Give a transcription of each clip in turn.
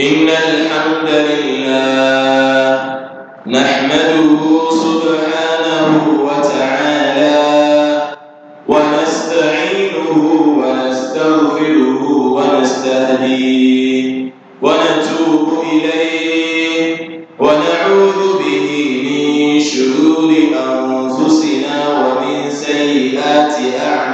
إن الحمد لله نحمده سبحانه وتعالى ونستعينه ونستغفره ونستهديه ونتوب إليه ونعوذ به من شرور أنفسنا ومن سيئات أعمالنا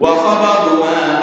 وخبر ما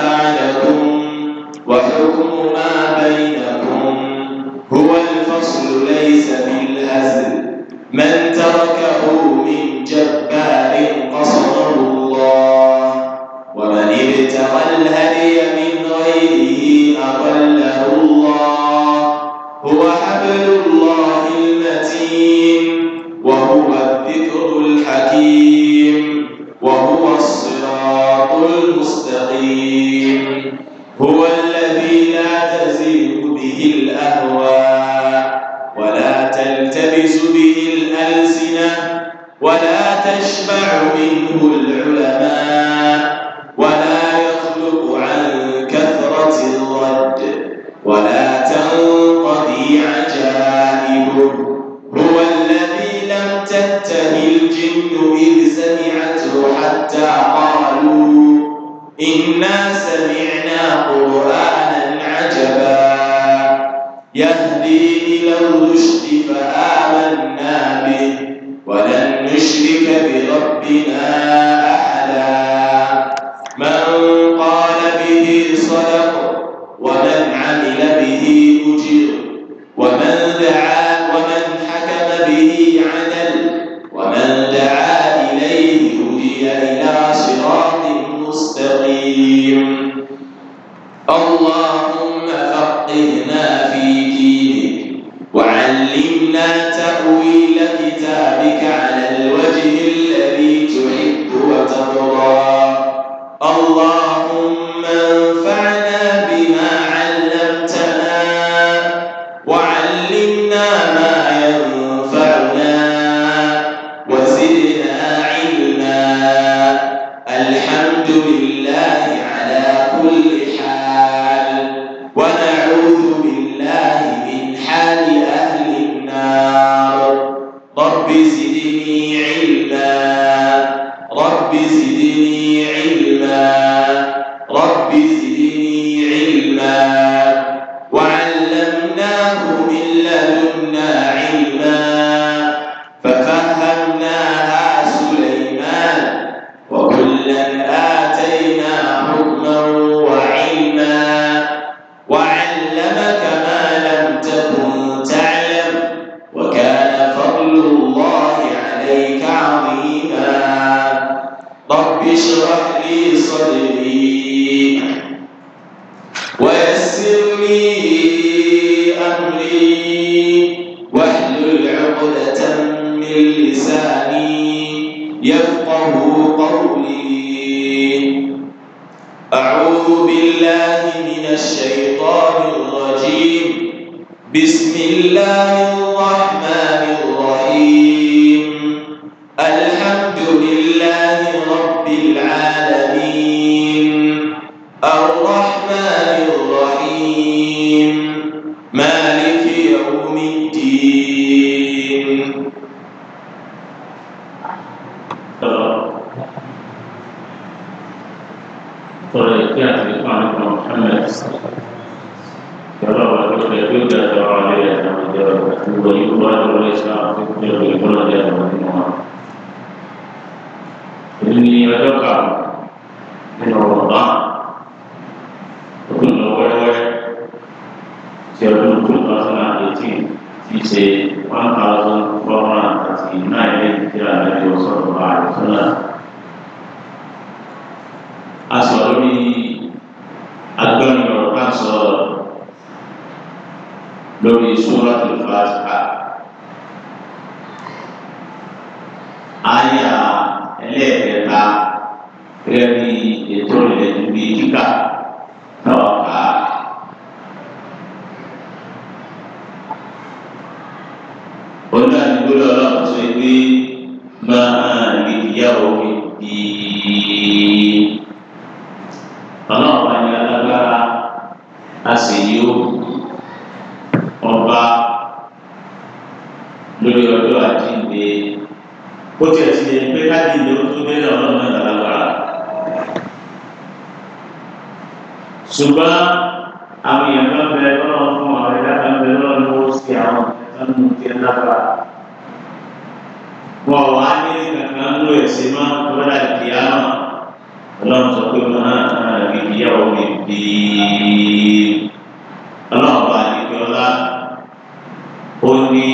ó ní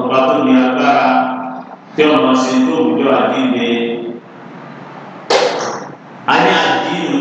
ọba tó ní agbára tí ọmọ ṣe tó wùdọ́ àdínde. a ní àdínù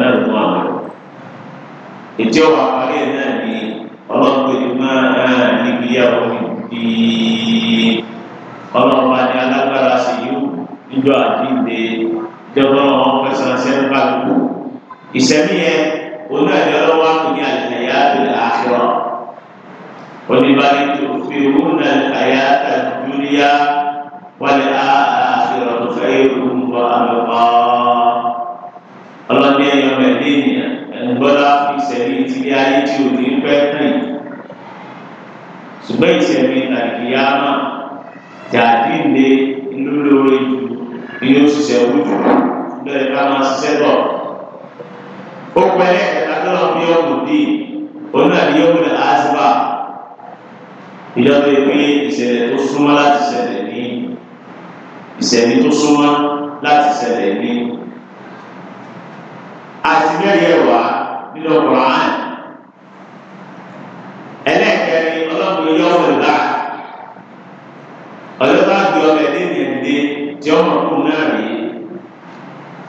náà mú àwọn ètò ọ̀rọ̀ ẹ̀ náà ni ọlọ́pẹ́ ní máa níbi ìyàwó bí ọlọ́pàá ní alágbára sí yóò níjọ àdínde ìjọba wọn pẹ̀sán sẹ́ńpà lóko ìsẹ̀mí yẹn onáàdé ọlọ́wọ́ àkùnrin àlẹ́yà àbẹ̀lẹ̀ àṣọ oníbàárẹ̀ tó fi owó náà àyà àtàdúnyà wálé àṣọ ọ̀dọ́fẹ́ yóò ń bọ̀ àmọ́ pàọ́. lọ́lá fi sẹ̀mí ti di ayé tí ò ní pẹ́ pìn ṣùgbọ́n ìsẹ̀mí àdìyámà tàbí ilé lólórí ilé òṣìṣẹ́ wúdù lọ́yẹ̀ ká máa ṣiṣẹ́ bọ̀. ó pẹ́ ẹ̀dájọ́ bí ọ̀gùn bí onídàájọ́ bí àṣìbà ìjọba ìpín ìṣẹ̀lẹ̀ tó súnmọ́ láti ṣẹlẹ̀ ní ìṣẹ̀lẹ̀ tó súnmọ́ láti ṣẹlẹ̀ ní àti mẹ́rin ẹ̀wàá nínú Kùránì ẹlẹ́ẹ̀kẹrin ọlọ́run yọ ọ̀rọ̀ ìlà ọjọ́ bá gbé ọbẹ̀ nínú ẹ̀dẹ́ tí ọmọ kù náà rí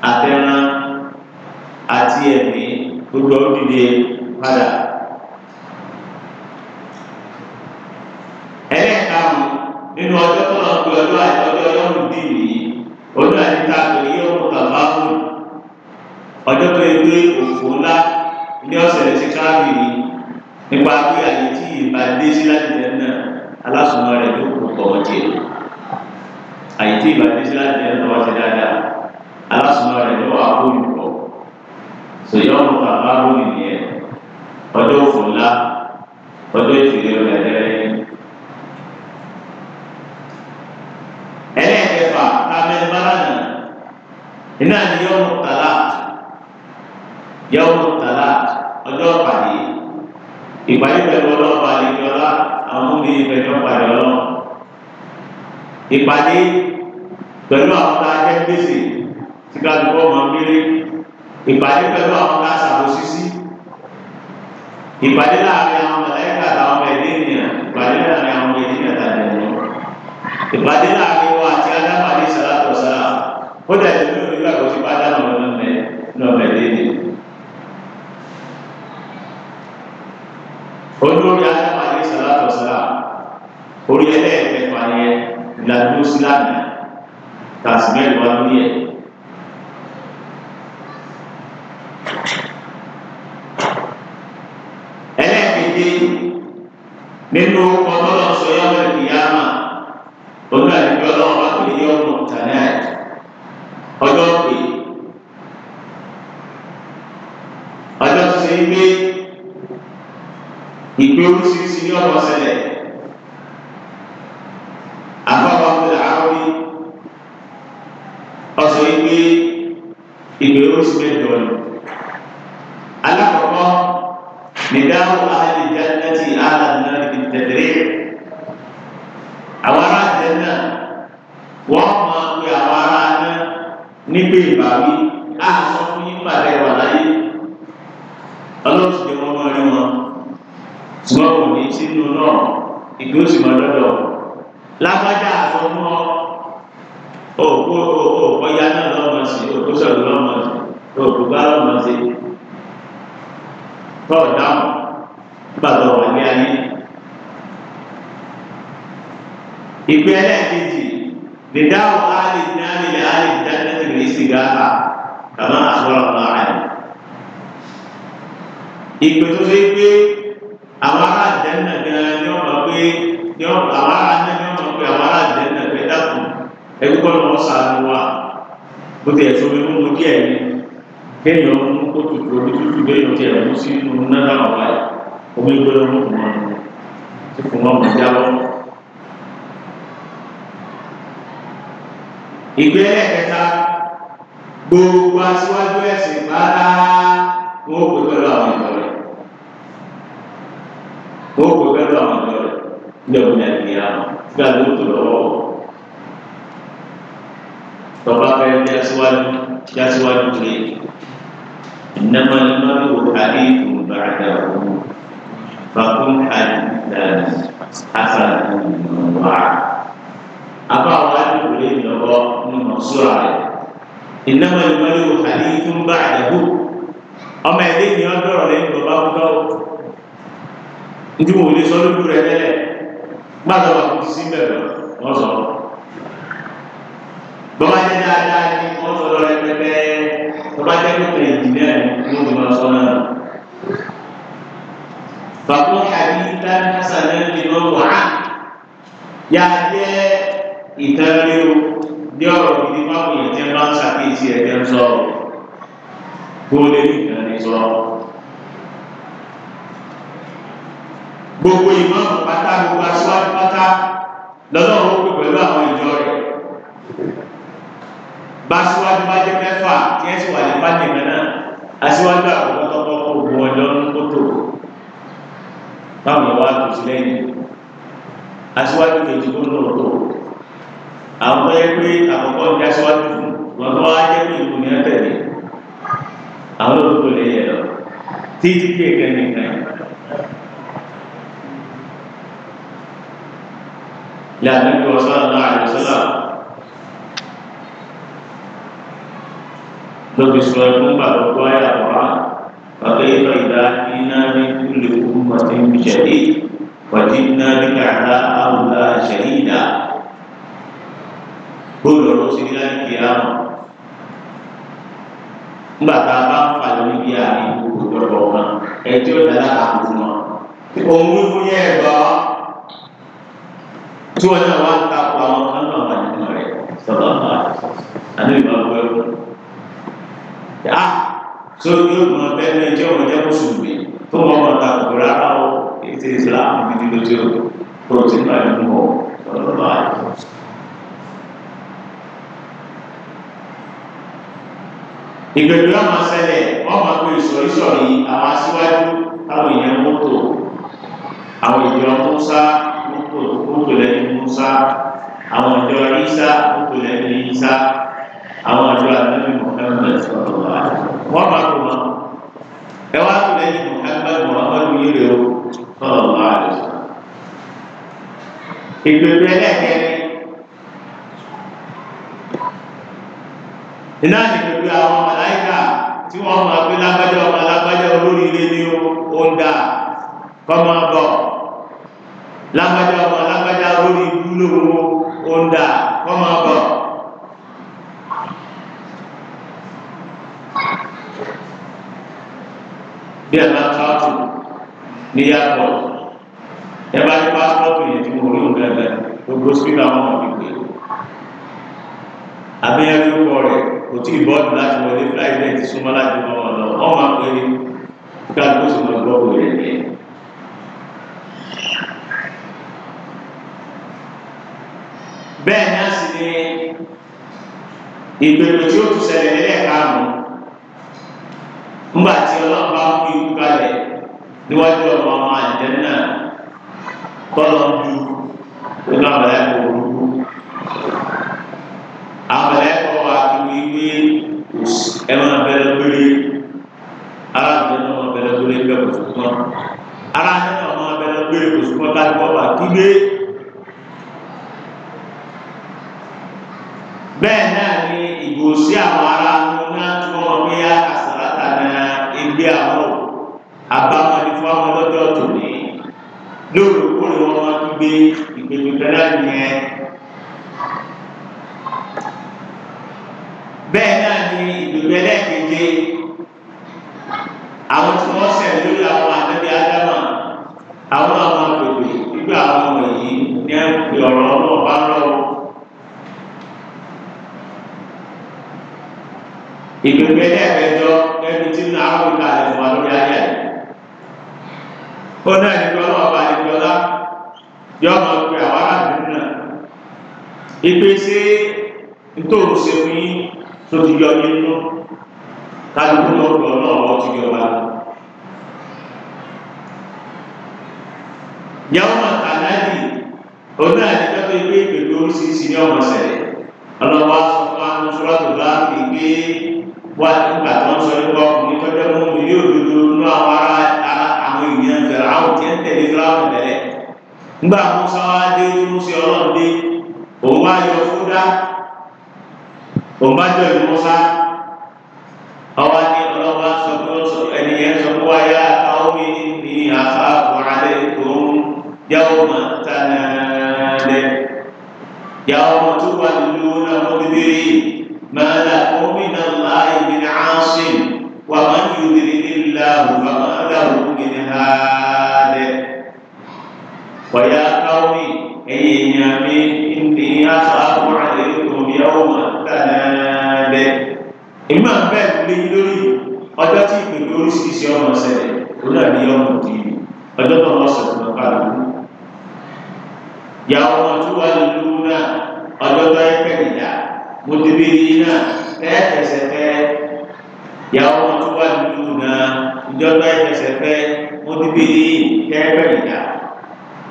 àtẹran àti ẹ̀mí gbogbo òdìdè padà. ẹlẹ́ẹ̀karùn nínú ọjọ́ tó lọ pé ọjọ́ àti ọjọ́ yọ̀ọ̀nù dì nìyí ọjọ́ àti káàkiri yóò mú kàbáwò ọjọ́ tó yẹ pé òfò ńlá ní ọ̀sẹ̀ ti káàbìrì nípa pé àyè tí ìbá dé sí láti jẹ́ náà alásùnmọ́ rẹ̀ ló kó tọ̀ ọ́ jẹ àyè tí ìbá dé sí láti jẹ́ náà ọ̀sẹ̀ dáadáa alásùnmọ́ rẹ̀ ló wà kó olùkọ́ sèyí ọ̀nà bàbá lórí nìyẹn ọjọ́ òfò ńlá ọjọ́ ìfìlẹ̀ ọ̀dẹ̀dẹ̀rẹ̀ ẹlẹ́ẹ̀kẹfà kámẹ́rin bá lánàá iná ni kàlá yàwó tàlà ọjọ́ pàdé ìpàdé pẹ̀lú ọlọ́ọ̀bà àdìgbọ́lá àwọn ọmọdé ìpẹ̀jọ́ pàdé ọlọ́ ìpàdé pẹ̀lú àwọn tá a jẹ́ gbèsè tí ká dùkọ́ ọmọ méré ìpàdé pẹ̀lú àwọn tá a ṣàbòsí sí ìpàdé láàrin àwọn mọ̀lẹ́kà àtàwọn ọmọ ẹ̀dẹ́ ènìyàn ìpàdé láàrin àwọn ọmọ ẹ̀dẹ́ ènìyàn tàbí ìpàdé láàrin. olórí adama alẹ́ sàlátọ̀ sàlá orí ẹlẹ́ẹ̀kẹfà yẹn ìlànà síláàmù tàṣímẹ́lì wà lórí ẹ̀. ẹlẹ́ẹ̀kejì nínú ọlọ́run. إنما المرء حديث بعده فكن حديثا حسنا وعلا أبا واجب إليه لغة من منصور عليه إنما المرء حديث بعده أما يدين ينظر إليه بابا بكاو nti mo wòle sọlọ dúró ẹ lẹ gbàdọ wà kùsì mẹrẹ wọn ìtẹ́lẹ́ o ní ọ̀rọ̀ gidi fáwọn èèyàn tí wọ́n ń ṣàkíyèsí ẹ̀jẹ̀ ń sọ̀rọ̀ kó lè ní ìtẹ́lẹ́ sọ̀rọ̀. gbogbo ìmọ̀ pátá gbogbo aṣíwájú pátá lọ́lọ́run pè pẹ̀lú àwọn ìjọ rẹ̀ bá aṣíwájú bá jẹ́ mẹ́fà tí ẹ̀ sì wà ní pàdé mẹ́náà aṣíwájú àkọ́kọ́ tọ́kọ́ kó bu ọjọ́ ń kótó báwọn wá tó sí lẹ́yìn aṣíwájú kejì kó lóòótọ́ àwọn tó yẹ pé àkọ́kọ́ ń dásíwájú fún wọn tó wá jẹ́ pé ìlú ni wọ́n tẹ̀lé àwọn olùkọ́ lè yẹ lọ títí kí èké nìkan yìí. lẹ́yìn tó sọ àwọn àdìsọ́lá lóbi sọ ẹkún bàbá tó ayé àbọ̀rá bàbá yìí ìdá iná ní kúlẹ̀ kúmọ̀ tó ń ṣẹ̀dí wàjú iná ní kàdá àwùlá ṣẹ̀dí ìdá bóyá ọ̀rọ̀ ṣe ní láti kí á mọ̀. Nígbà tá a bá ń fa lórí bí àmì ìkókò lọ́dọ̀ ọ̀kan, ẹ tí ó dára àbùkù Òun wí fún yẹn ẹ̀gbọ́. Tí wọ́n náà wá ń takò àwọn kan náà wà nínú rẹ̀ sọ̀rọ̀ náà. Àná ìgbà gbọ́ ẹ̀kọ́. Yá sórí yóò mọ bẹ́ẹ̀ ní ìjọ ọmọdé mùsùlùmí tó mọ ọmọ ta kò rárá o ètò ìsìlámù gidi lójú o tó ti ń bá ìlú ìgbèrú láwọn ṣẹlẹ̀ wọ́n máa pe ìsọ̀rí sọ̀rí àwọn aṣíwájú àwọn èèyàn mọ́tò àwọn ìjọ Musa mọ́tò mọ́tò lẹ́nu Musa àwọn ìjọ Isa mọ́tò lẹ́nu Isa àwọn ìjọ àdúgbò Muhammad wọ́n máa tó wọn ẹ wá tó lẹ́yìn Muhammad Muhammad yìí rẹ̀ o sọ̀rọ̀ wá rẹ̀ sọ̀rọ̀ ìgbèrú ẹlẹ́kẹ̀rin. iná ní gbogbo àwọn màláìkà tí wọ́n máa gbé lágbájá ọmọ lágbájá olórí ilé ní ọ̀dà kọ́mọ bọ̀ lágbájá ọmọ lágbájá olórí ìdúlówó ọ̀dà kọ́mọ bọ̀. bí ẹ bá ká tó ní yàtọ̀ ẹ bá ní pásítọ̀tù yẹn tí mo rí òun gẹ́gẹ́ gbogbo sípínà wọn ò ní pè é àbí ẹ ló kọ rẹ̀ kò tí ì bọ́ọ̀dù láti wọlé friday ti súnmọ́ láti mọ ọ̀nà ọmọ àpẹẹrẹ gbàgbó sì mọ gbọ́ òwe rẹ̀ nìyẹn. bẹ́ẹ̀ náà sì ni ìgbèrò tí ó tún ṣẹlẹ̀ lẹ́ẹ̀karùn-ún ńgbà tí ọlọ́pàá ń kú ikú kalẹ̀ níwájú ọmọ ọmọ àjẹ́ náà kọ́ lọ́ọ́ ju ìlú àbáyá.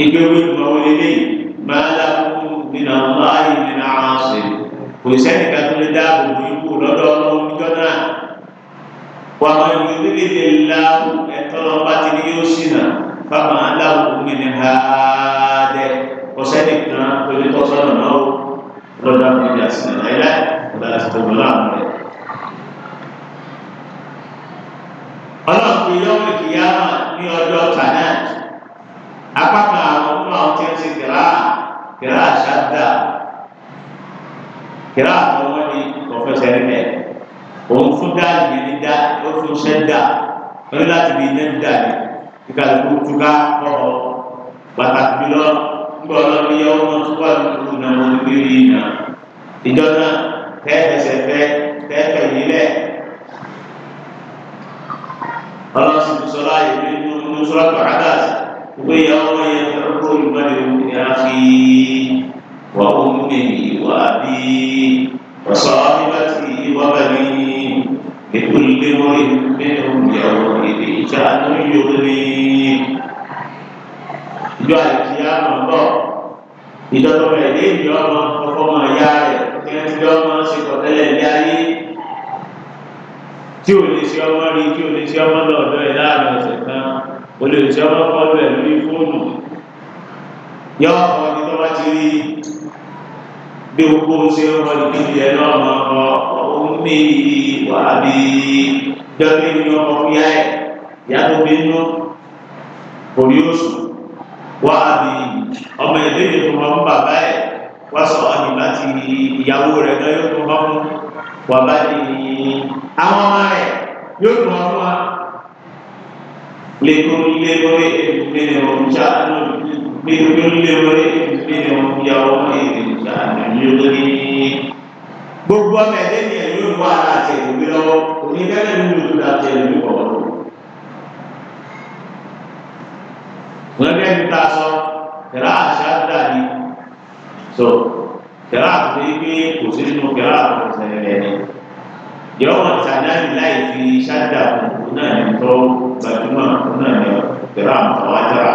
ìgbéwé ìgbà wọlé lẹ́yìn. ìjọ àìkíyà máa bọ̀ ìjọba ẹ̀dẹ́ ìjọ ọmọ ọkọ máa yá rẹ̀ kí wọ́n ti jọ ọmọ ṣe kọ̀tẹ́lẹ̀ ní ayé tí ò lè ṣe ọmọ rí tí ò lè ṣe ọmọ lọ́dọ̀ ẹ̀ láàrin ọ̀sẹ̀ kan ò lè ṣe ọmọ kọlu ẹ̀ lórí fóònù yọ ọkọ ni tó bá ti rí bí gbogbo ṣe ń wọlé níbi ẹ̀ náà máa kọ ọ̀hún mi wà bí dọ́kítà ní ọmọ fúyà ẹ̀ ìyá tó bínú kò rí òṣùwọ̀n wá àbí ọmọ ẹgbẹ́ yẹn tó máa ń bàbá ẹ̀ wá sọ àdìbà ti ìyàwó rẹ̀ náà yóò tó máa ń wà bá di àwọn ọmọ rẹ̀ yóò tó máa ń wá lẹ́kọ̀ọ́ lẹ́kọ̀ọ́ ẹ̀dùnmẹ́rin ọ̀njà lẹ́kọ̀ọ́ lẹ́kọ̀ọ́ ẹ̀dùnmẹ́rin ọ̀njà ọmọ ẹ̀dùnmẹ́rin ọ̀njà lórí gbogbo ọmọ ẹ̀dẹ́ ni yóò wá àtẹ̀wé lọ́wọ́ oníbẹ̀rẹ̀ gẹ́gẹ́ bí ta sọ kẹ̀rá àṣà dà ní so kẹ̀rá àti pé kò sí nínú kẹ̀rá àwọn ìṣẹ̀lẹ̀ rẹ̀ ni yọ̀wọ̀ ìṣàdáyé láì fi ṣáàdà òun náà ní tọ́ gbajúmọ̀ òun náà ní kẹ̀rá àwọn àwájára.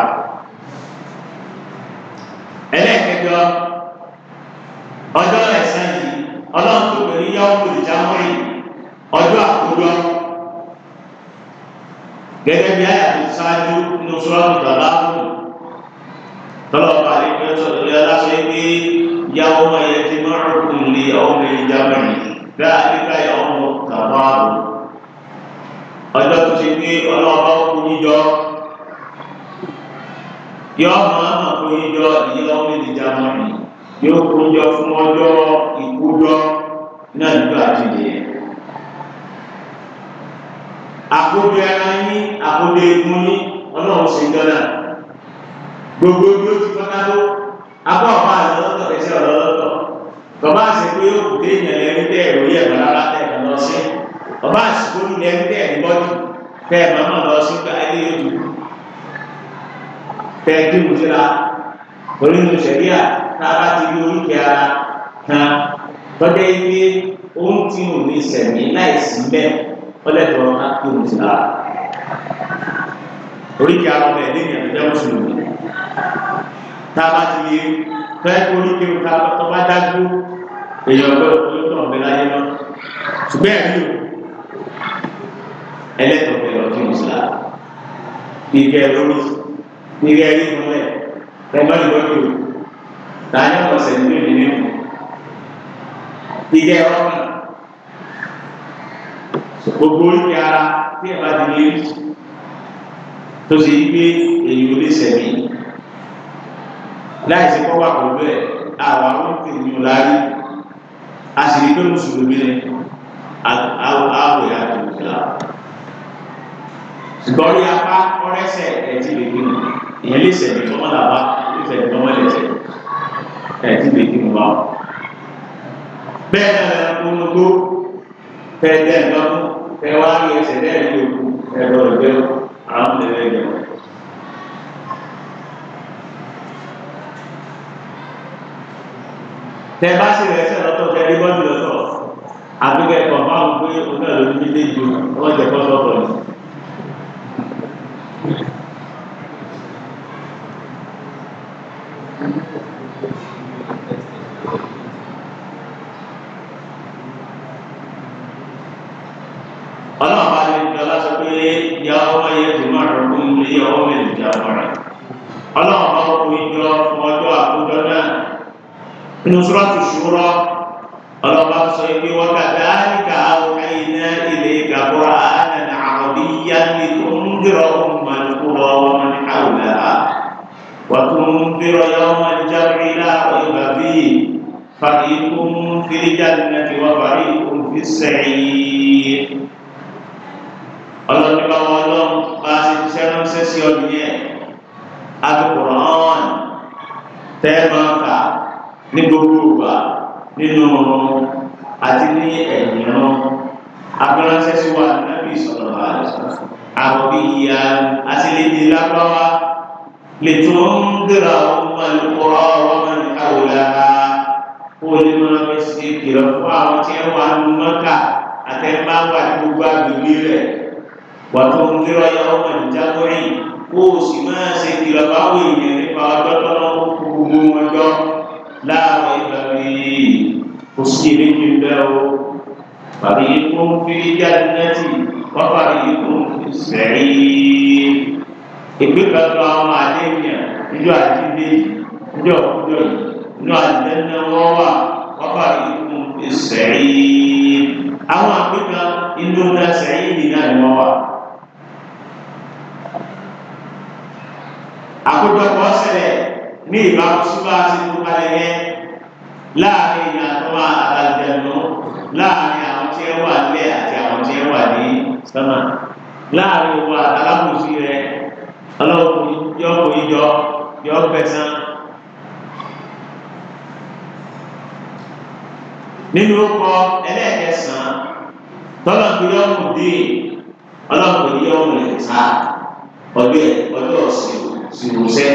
ẹlẹ́ẹ̀kẹjọ ọjọ́ ẹ̀sán yìí ọlọ́run gẹ́gẹ́ bí àyà tó ṣáájú nínú sọ́ọ́dún bàbá tọ́lọ́ba àdéhùn ẹ̀sọ́ lórí aláṣẹ pé yàwó ọmọ yẹn ti máa ń kún lé ọmọ yẹn jámẹ́rì dáa nígbà yà ọmọ tàbá àbò ọjọ́ tó ṣe pé ọlọ́ọ̀bá kú yíjọ yọ ọmọ àmọ̀ kú yíjọ ìyá ọmọ yẹn ti jámẹ́rì yóò kú yíjọ fún ọjọ́ ìkújọ náà nígbà àti àkójọ ara yín àkójọ egun yín ọlọ́run ṣe jọ́nà gbogbo bí ó ti tọ́ka tó abọ́ ọ̀pá àlọ́tọ̀ ẹ̀sẹ̀ ọ̀lọ́lọ́tọ̀ bàbá àṣẹ pé ó kù téèyàn lẹ́rí tẹ́ ẹ̀rọ yẹ̀ wọ́n lára tẹ̀ ẹ̀ lọ sí bàbá àṣẹ pé ó lẹ́rí tẹ́ ẹ̀ bọ́dì tẹ́ ẹ̀ máa lọ sí gba ẹni yóò dùn tẹ́ ẹ dé mùsíra onínú sẹ̀ríà tá a bá ti rí oríkèé ara kan tọ́jú ẹni pé ó ń tì mù ní sẹ̀mí láìsí bẹ́ẹ̀ ọlẹ́tọ̀ akéwòn sí ara oríkì àwọn ọmọ ẹ̀dẹ́ ìyàtọ̀ jẹ́ mùsùlùmí tá a bá ti lè fẹ́ oríkì òkà tó bá dágbó èèyàn gbọ́dọ̀ tó yóò tọ̀ láyé lọ ṣùgbọ́n ẹ̀rí o ẹlẹ́tọ̀ bẹ̀rẹ̀ ọ̀kẹ́wòn sí ara ìgbẹ́ lórí ìgbẹ́ rí ìmúlẹ̀ pẹ̀lú ìwọ́dọ̀ tàyẹ̀ ọ̀sẹ̀ nílùú ìdílé mu ìgbẹ́ gbogbo orí ara tí ẹ bá ti lé tó ṣe yí pé èyí ò lè sẹ̀mí láì sí kọ́wà pẹ̀lú ẹ̀ àwọn àwọn ènìyàn láàyè a sì rí pé mùsùlùmí ni àwẹ̀ àtòkìlá ṣùgbọ́n orí apá ọ̀rẹ́sẹ̀ ẹ̀ ti lè ìyẹn lè sẹ̀mí tọ́mọ́làbá lè sẹ̀mí tọ́mọ́lẹ̀sẹ̀ ẹ̀ ti lè gbìn wá bẹ́ẹ̀ náà ẹ̀ ń gbogbo tẹ́lẹ̀ lọ́nù tẹ́wá rí ẹsẹ̀ lẹ́yìn yòókù ẹ̀rọ ìgbẹ́ àwọn tẹ̀lé yẹn. tẹ bá sì rẹ sẹ lọ́tọ̀ tẹ bí bọ́ọ̀lù lọ́tọ̀ àbíkẹ́ kọ̀ọ̀mọ́ àwọn pé onílẹ̀ lórí méjèèjì ọlọ́jẹ̀ bọ́ọ̀lù ọ̀tọ̀ ni. يجمعكم ليوم الجمع الله يجرى وجاء جنا نصرة الشورى الله سيدي وكذلك أوحينا إليك قرآنا عربيا لتنذر أم القرى ومن حولها وتنذر يوم الجمع لا ريب فيه فريق في الجنة وفريق في السعير ọlọ́run bá wọn lọ bá a ṣe ṣiṣẹ́ ránṣẹ́ sí ọdún yẹn akọkọrọ ọ̀hún tẹ́ máa kà ní gbogbo ìgbà nínú ọ̀run àti ní ẹ̀yìn ọ̀run abúránṣẹ́ sí wa nábì sọ̀rọ̀ bá àwọn bí ìyá àtìlẹ́yìn lápáwá lè tún ń gbéra ọmọ ìkọrọ ọmọ ìkàwọlá kó lè máa fi ṣe ìkìlọ̀ fún àwọn tí wọ́n wà nínú mọ́kà àtẹ̀mbá wà ní gbogbo àgbègbè rẹ̀. وتنذر يوم الجمع قوس ما سكر قوي فاضطروا وجر لا ريب فيه قصير جلده فريق في الجنة وفريق في السعير ìpínlẹ̀ ọ̀dọ́ àwọn àdéhùn ìjọ àdídé ìjọ òkúdọ̀ inú àdéhùn wọn wà wọ́n bá ìlú ìsẹ̀yìn àwọn àpéjọ inú náà sẹ́yìn nìyá ni wọ́n wà. àkójọpọ̀ ṣẹlẹ̀ ní ìbámu síbá sí gbogbo ayẹyẹ láàrin ìyàtọ̀ àtàlùjẹ̀nu láàrin àwọn tí ẹ wà lẹ́ àti àwọn tí ẹ wà ní sọ́mà láàrin òwò àtàlámùsí rẹ ọlọ́run yọ kò yíjọ yọ pẹ̀sán. nínú ọkọ ẹlẹ́ẹ̀kẹsàn-án tọ́lá tó yọ ọmọdé ọlọ́run yọ ọmọ ẹ̀ ta ọdún ọ̀sìn o sì wò sẹ́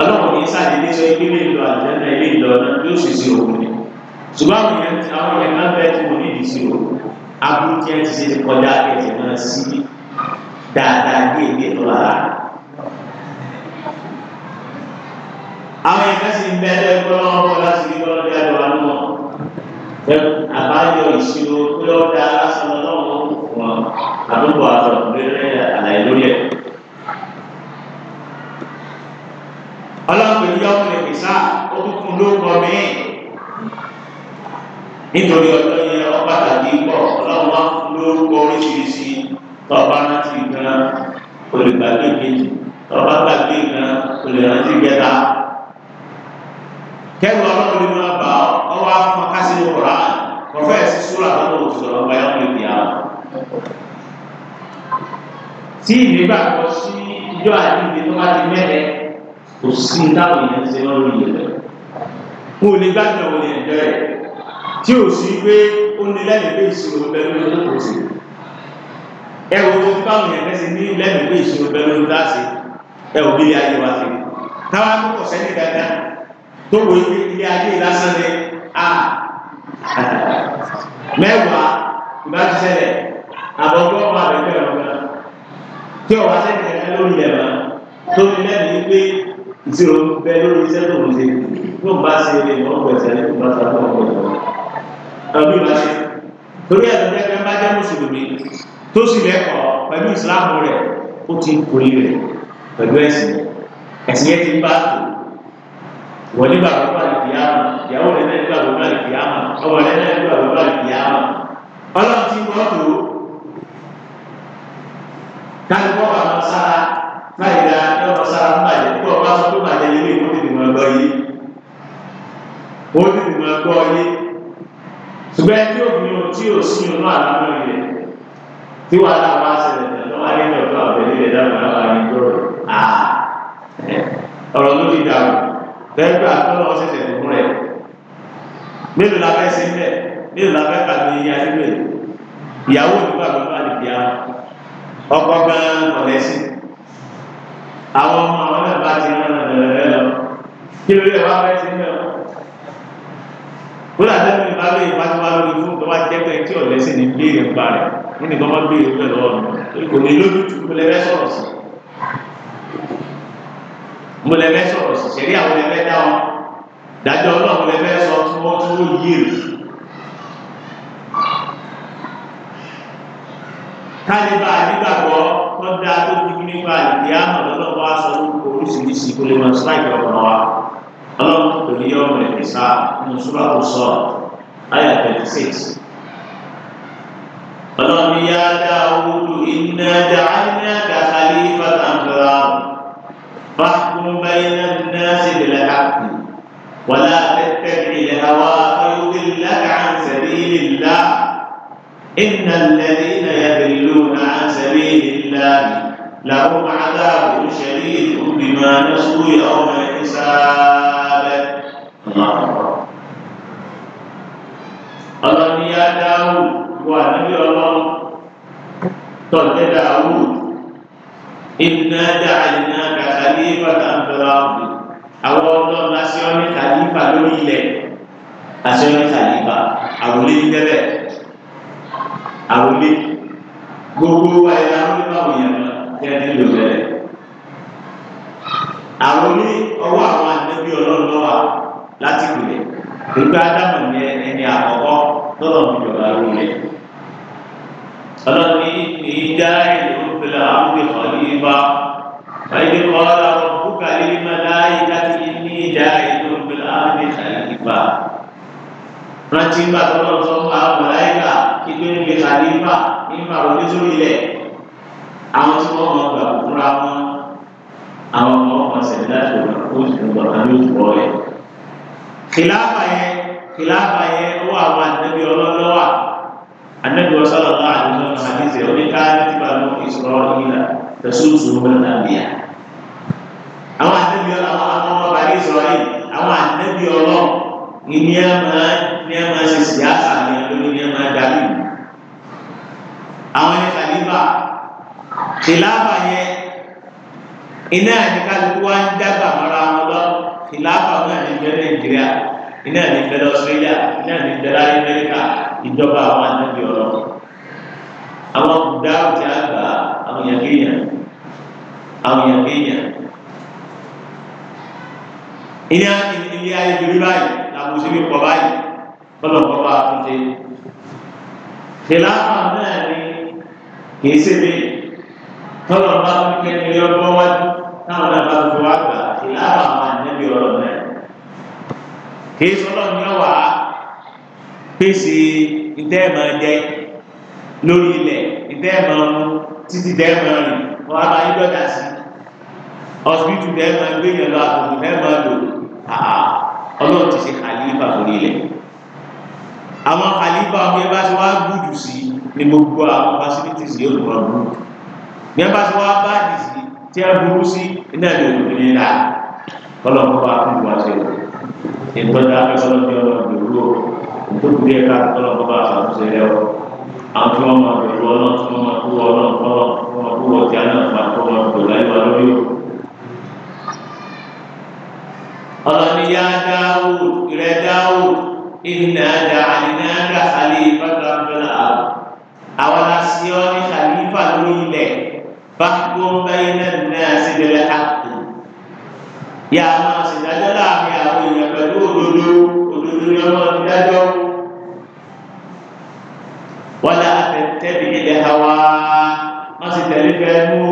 ọlọ́run ní sàdédé sọ ilé lè lọ àjẹ́nà ilé ìlọ yóò sì sí òun ni ṣùgbọ́n àwọn èèyàn ti àwọn èèyàn náà bẹ́ẹ̀ tí mo ní ìdísí o aburú tí ẹ ti ṣe ti kọjá ẹ̀jẹ̀ náà sí dáadáa dé ìdí ètò rárá. àwọn èèyàn sì ń bẹ ẹgbẹ́ ọlọ́wọ́ láti rí ọlọ́dẹ àdúrà náà àbájọ ìṣirò pé ọ̀dà lásán ọlọ́wọ́ fún ọ àdúgbò àtọ̀ lórí àlàyé lórí ẹ̀. ọlọ́pẹ̀lú yọ ọkùnrin pèsè ó tún fún lórúkọ míì nítorí ọjọ́ yẹ ọba tàbí pọ̀ ọlọ́run wá fún lórúkọ oríṣiríṣi tọba rántí gan olùgbàgbé kejì tọba gbàgbé gan olùrántí kẹta kẹrù ọlọ́run nínú ọba ọwọ́ afọ kásí wòrà kọfẹ́ẹ̀sì súrà tó lò sọ̀rọ̀ ọba yọ̀ọ́ lè bìyà tí ìgbégbàgbọ́ sí ìjọ àdìgbé tó bá ti mẹ́rẹ̀ẹ́ kò sí táwọn èèyàn ṣe lọ́rùn yìí rẹ̀ wọn ò lè gbàgbé àwọn èèyàn bẹ́ẹ̀ tí ò sí pé ó ní lẹ́yìn pé ìṣòro bẹ́ẹ̀ ló ń kò sí ẹ wo tó báwọn èèyàn fẹ́ẹ́ ní lẹ́yìn pé ìṣòro bẹ́ẹ̀ ló ń dá sí ẹ ò bí ilé ayé wa fi káwá tó kọ̀ sẹ́ni dáadáa tó wo ilé ayé lásán ni a mẹ́wàá ìbá ti ṣẹlẹ̀ àbọ̀gbọ́ wà lẹ́gbẹ̀rún náà tí ò wá sẹ́ni dáadáa lórí ẹ̀ máa tó ní lẹ́yìn pé tí o bẹ lórí iṣẹ́ tó ń ṣe tó ń bá ṣe lè mọ́ ọ̀pọ̀ ẹ̀sẹ̀ ní ìgbà tó ń bọ̀ ọ̀pọ̀ ẹ̀mí ìgbà ṣe torí ẹ̀sìn tẹ́lẹ̀ bá jẹ́ mùsùlùmí tó sì lẹ́kọ̀ọ́ pẹ̀lú ìsìláàmù rẹ̀ ó ti ń kórè rẹ̀ pẹ̀lú ẹ̀sìn ẹ̀sìn yẹn ti ń bá tò wọ́n nígbà tó bá lè fi àmà ìyàwó rẹ̀ náà nígbà tó bá lè fi àmà ọmọ láì dá yọ lọ sára ń bàjẹ́ kó ọba sọ pé bàjẹ́ ilé ìwé tètè mọ̀ ẹgbọ́ yìí ó tètè mọ̀ ẹgbọ́ yìí ṣùgbọ́n tí ò ní o tí ò sí inú àlámọ́ ilẹ̀ tí wàá dá bá ṣẹlẹ̀ tẹ̀lé wá nínú ọ̀gá ọ̀bẹ nílẹ̀ dáhùn àwọn àyíkó ọ̀rọ̀ ló ti dàrú bẹ́ẹ̀ gbà tó lọ́wọ́ ṣẹ̀ṣẹ̀ tó fún rẹ̀ mélòó àwọn ọmọ àwọn náà bá ti náà lọ́rẹ́ lọ kí ló lè wá bẹ́ẹ̀ sí náà kódà tẹ́lẹ̀ mi bá lè bá ti wá lórí fún tọ́wá jẹ́ pé tí ọ̀lẹ́ sì ní béèrè pa rẹ̀ nínú ìgbọ́n bá béèrè pẹ̀ lọ́wọ́ mi kò ní lójú tu mo lẹ́fẹ́ sọ̀rọ̀ sí mo lẹ́fẹ́ sọ̀rọ̀ sí ṣẹ̀rí àwọn lẹ́fẹ́ wọn dájọ́ ọlọ́run lẹ́fẹ́ sọ tí wọ́n tún yé kálíbà nígbàgbọ́ tó dá tó ti kí nípa ìdí àmọ̀ lọ́lọ́wọ́ aṣọ orúkọ oríṣiríṣi kó lè máa ṣáìkì ọkàn wa ọlọ́run tó ní yọ ọmọ ẹ̀mí sá nínú súrà tó sọ ayà twenty six ọlọ́run yá dáwúdù iná dáhánà kàkálí fàtàǹkàrà fàkùn bẹ́yìn náà sì lè hàkù wàlá tẹ́tẹ́ ìlẹ̀ àwa ayọ́kẹ́lẹ́ lákàá ń sẹ̀rí ìlẹ̀ لهم عذاب شديد بما نسوا يوم الحساب الله أكبر الله يا داود ونبي الله قلت داود إنا جعلناك خليفة في الأرض àwọn ọlọ́run lásìkò ní kàlífà lórí ilẹ̀ lásìkò ní kàlífà àwòlé ní tẹ́lẹ̀ àwòlé gbogbo wa ẹ̀ láwọn oníbàwò yẹn lọ kẹ́tí ló bẹ̀rẹ̀. àwọn oní ọwọ́ àwọn àdébí ọlọ́run lọ́wọ́ láti pìlẹ̀ nígbà ádámù ní ẹni àkọ́kọ́ tọ́lọ̀ mi jọba lórí rẹ̀. ọlọ́run ní ní dá ìlú pẹ̀lú àwọn ìfọ̀ ní ibà wáyé kọ́ ọ́lá ọ̀bùkà lílí mẹ́láyé láti ní dá ìlú pẹ̀lú àwọn ìfọ̀ ní ibà rántí bá tọ́lọ̀ sọ́kà ọ̀láyé kà kí tó ń gbé kàlífà nípa oníṣòwò ilẹ̀ àwọn tí wọ́n máa gbà fúnra wọn àwọn ọmọ wọn sì láti wà kó sì ń bọ̀dá ní ìwọ rẹ̀. kìláàfà yẹn kìláàfà yẹn ó wà wà níbi ọlọ́lọ́wà anábì ọ̀sọ́lọ̀ náà àdúgbò àdìsẹ́ oníkáàdì tí wàá mú ìṣòro ìlà tẹ̀sùsù mẹ́ta bíyà. àwọn àdébí àwọn ọmọ bàbá ìṣòro yìí àwọn àdébí ọlọ́ ìní ẹ̀ máa ní ẹ̀ máa ṣe síyáṣà ní ẹ̀ lórí ní ẹ̀ máa darí. àwọn ẹ̀ kàlífà kìláàbà yẹn iná àdìkálukú wa ń dábàá mọ́ra wọn lọ kìláàbà náà ní bẹ́ẹ̀ nàìjíríà iná ní bẹ́ẹ̀ Australia iná ní bẹ́ẹ̀ Amẹ́ríkà ìjọba àwọn ànábì ọ̀rọ̀ àwọn kùdà òtí àgbà àwọn èèyàn kéèyàn àwọn èèyàn kéèyàn iná ilé ayé bíbí báyìí làwọn òṣèlú pọ̀ báyìí bọ́lọ̀ pọ̀ bá a náà ní kì í tọ́lọ̀ bá tún kẹ́ni yọ bọ́ wájú táwọn náà bá tún fi wá gbà ìlànà àwọn ànábì ọ̀rọ̀ náà kìí sọ́lọ̀ ní ọ̀wà pèsè ìtẹ́ ẹ̀ máa jẹ lórí ilẹ̀ ìtẹ́ ẹ̀ máa mú títí tẹ́ ẹ̀ máa rìn wọ́n á bá yín dọ́jà sí ọ̀sibítù tẹ́ ẹ̀ máa gbé yẹn lọ àbùkù tẹ́ ẹ̀ máa lò ọlọ́run ti ṣe kàlífà lórí ilẹ̀ àwọn kàlífà ọmọ ẹ bá ṣe wá gbùdù sí ni gbogbo àwọn facilities yóò rọrùn bí ẹ bá sọ wá bá dìsí tí ẹ burú sí iná ìlú òkú ní ìlà kọlọ́mù bá fún wa ṣe ìtọ́jú akẹ́kọ̀ọ́ ní ọ̀rọ̀ ìdòwúrò ìtòkù bí ẹ ká kọlọ́mù bá ṣàtúnṣe rẹ ọ àwọn tí wọ́n máa bẹ̀rù ọlọ́run tí wọ́n máa kú ọlọ́run kọ́lọ́run tí wọ́n máa kú ọjà náà máa kọ́ wọn kò láyé wa lórí o. ọlọ́ni yá dáwò rẹ dáwò ìnà dàánìyàn gàkàlì ìbátan bẹ́lá àwọn aṣíọ́ ní kàlífà lórí fahkum bainan nasi bila hati, ya masih ada lah láàrin àwọn èèyàn pẹ̀lú òdodo òdodo ni ọmọ ti hawa masih dari tẹ̀lé fẹ́nu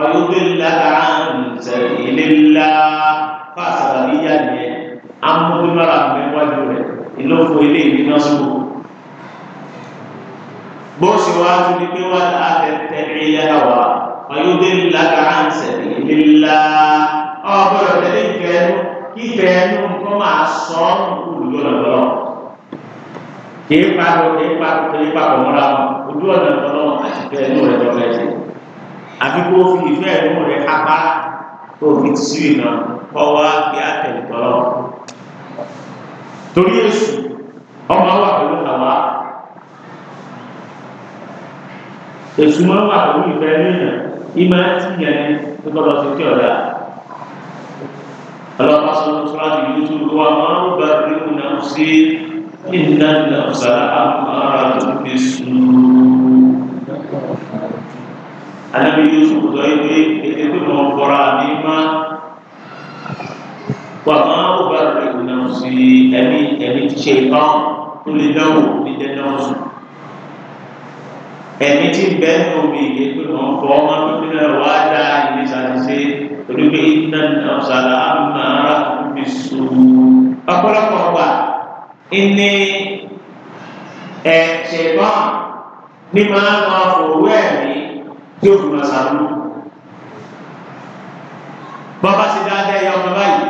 ọ̀yọ́gbẹ́lá àǹsẹ̀rẹ̀ ìlélá fásitì àbíyá nìyẹn amúdúmọ́ra mẹ́wájú rẹ̀ ìlọ́fọ̀ ilé bó sì wá tún ní pé wọ́n á tẹ̀tẹ̀ ìyára wa ọ̀yọ́dé ńlá kàá ń sẹ̀lẹ̀ ìlélá ọ̀gbọ́dọ̀ tẹ̀lé ìfẹ́ ẹnu kí ìfẹ́ ẹnu nǹkan máa sọ ọ́ nùkú lọ́lọ́lọ́ kìí pàtó kìí pàtó kìí pàtó mọ́ra ojú ọ̀nà lọ́lọ́ àti ìfẹ́ ẹnu rẹ̀ lọ́fẹ́ ṣe àbí kó fi ìfẹ́ ẹnu rẹ̀ kápá kó fi ti sí ìnà kọ́ wá kí á tẹ̀lé tọ́lọ́ torí èsù ọmọ wà pẹ̀lú àwa èsù máa ń wà pẹ̀lú ìfẹ́ lẹ́yìn ìmọ̀ ẹtì yẹn ní gbọ́dọ̀ sí kí ọ̀dà ọlọ́pàá sọ fún sọ́láàtì yìí tó lọ́wọ́ máa ń gba ìlú náà sí ìdílé náà sára àmàrà tó fi sùn. Ànábì Yusuf sọ pé ètò ìmọ̀ ọ̀bọ̀ra mi máa wà máa ń gba ìlú náà sí ẹni ẹni ṣe tán tó lè dáwọ́ ní dẹ́dáwọ́ sùn ẹ̀mí tí ń bẹ́ẹ̀ ní omi ìgbé pé wọ́n fọ ọmọ pípé náà wá dá ìdí sàṣìṣe olùgbé iná ọ̀sàlà àmà ara fi sùn. ọ̀pọ̀lọpọ̀ ọgbà ìní ẹ̀ṣẹ̀ náà ní máa ma fòwú ẹ̀mí tí ó fi máa sàánú. bàbá sì dáadáa ẹ̀yà ọmọ báyìí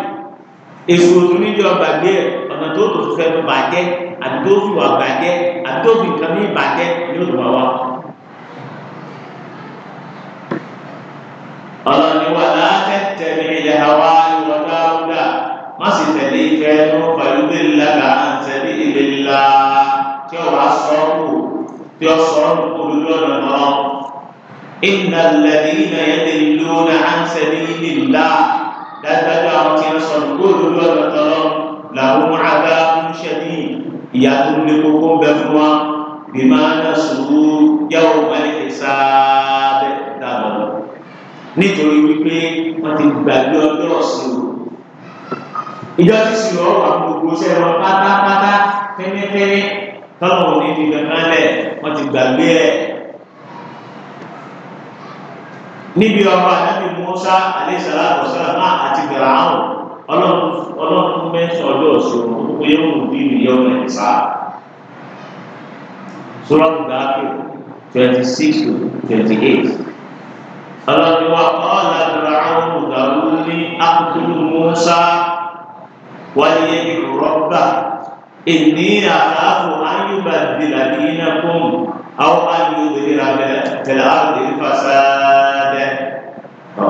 èso òtún níjọ gbàgbé ẹ̀ ọ̀nà tó tó fẹ́ bàjẹ́ àti fi wà bàjẹ́ àti fi nǹkan bàjẹ́ ni tó wà wá. تتبع الهوى وتهدى ما ستليك فيضلك عن سبيل الله ترى الصبر يصر كلنا إن الذين يدلون عن سبيل الله لا تدعوا تنصر كلنا لهم عذاب شديد يطلقكم بفوا بما نسوا يوم الحساب تمام nítorí wípé wọ́n ti gbàgbé ọjọ́ ọ̀sìn o. ìjọ ti sì lọ wà gbogbo ṣẹ́ wọn pátápátá fẹ́nẹ́fẹ́nẹ́ tọ́lọ̀ òní ti gbẹ̀gbẹ́ lẹ̀ wọ́n ti gbàgbé ẹ̀. níbi ọba àdábì Musa àdéṣàlá ọ̀sán náà àti gbẹ̀ràhùn ọlọ́run mẹ́sàn ọjọ́ ọ̀sìn o kó yẹ wọ́n bí ìyọ́ ẹ̀ sá. sọ́lá gbàgbé twenty six to twenty eight ọlọ́ni wa kọ́ọ̀lá fìràhùn gàrú ní akutu musa wáyé rọ́bà ìní àlàáfò ayúbà dìlàdì iná fún àwọn ayúbà dìlàdì tẹ̀lé àwòdì fàṣàdẹ.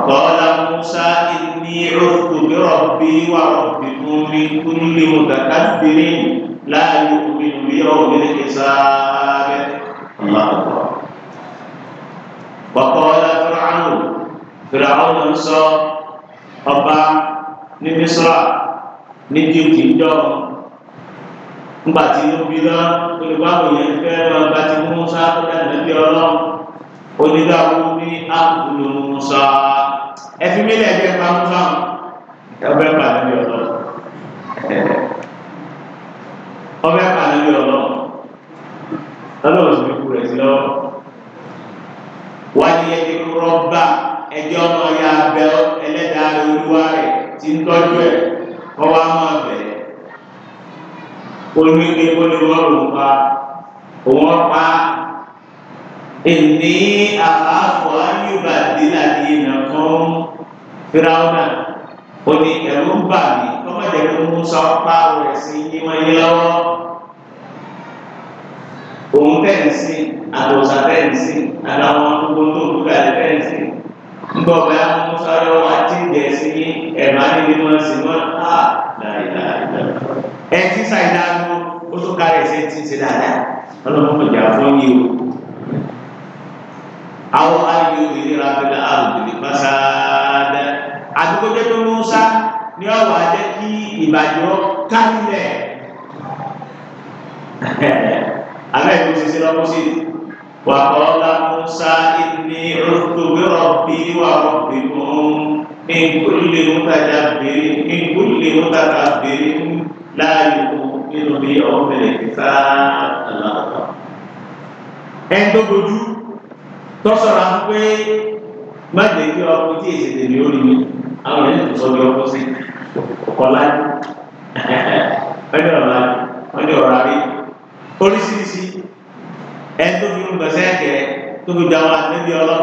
وقال موسى إني عذت بربي وربكم من كل متكبر لا يؤمن بيوم الحساب الله أكبر وقال فرعون فرعون sọ ọba ní Mísírà ní díòkì ń dọ̀ ńgbà tí ó bí lọ olùbáwò yẹn fẹ́ lọ́ọ́ gba ti Mùsá tó dá nàbí ọlọ́run onígbàwó ní àbùkù Mùsá ẹ fi mílẹ̀ ẹgbẹ́ pa Mùsá ẹgbẹ́ pa oníke onímọ̀rù pa wọ́n pa èmi àbáfọ̀ ayúbà dílà ní ìnàkan fíráúnà ó ní ẹ̀rú ń bà mí kọ́mọ̀dé ló mú sọ pa rẹ̀ sí ní wọ́n yé lọ́wọ́ òun fẹ́ǹsì àtòsà fẹ́ǹsì àtàwọn gbogbo tó ń gbà lé fẹ́ǹsì ńgbọ́ bẹ́ẹ̀ mú sọ́yọ́ wá tí ń jẹ́ sí ẹ̀rọ á ní bí á ah, láìláìláì ẹ ti sa ìdáná ó tún kárí ẹsẹ̀ ti ṣe dáadáa ọlọ́run mọ̀ jà fún yìí o. àwọn ayé ìlera abẹ́lẹ̀ àròkèlè pàṣááda àdúgbò jẹ́ pé Musa ni ó wà jẹ́ kí ìbàjọ́ kálílẹ̀. alẹ́ ìlú ṣiṣẹ́ lọ́kọ́ sí وقال موسى إني عذت بربي وربكم من كل متجبر من كل متكبر láàyò nínú bí ọmọ bẹ̀rẹ̀ kíkà àlàkà. ẹn tó dojú tọ́sọ̀rọ̀ àwọn pé má jẹ́ kí ọkùnrin tí èsì tèmi ó rí mi àwọn ẹni tó sọ bí ọkọ sí ọ̀la ọjọ́ ọ̀la ọjọ́ ọ̀la rí oríṣiríṣi ẹn tó fi gbèsè ẹ̀kẹ́ tó fi dáwọn àtẹ́bí ọlọ́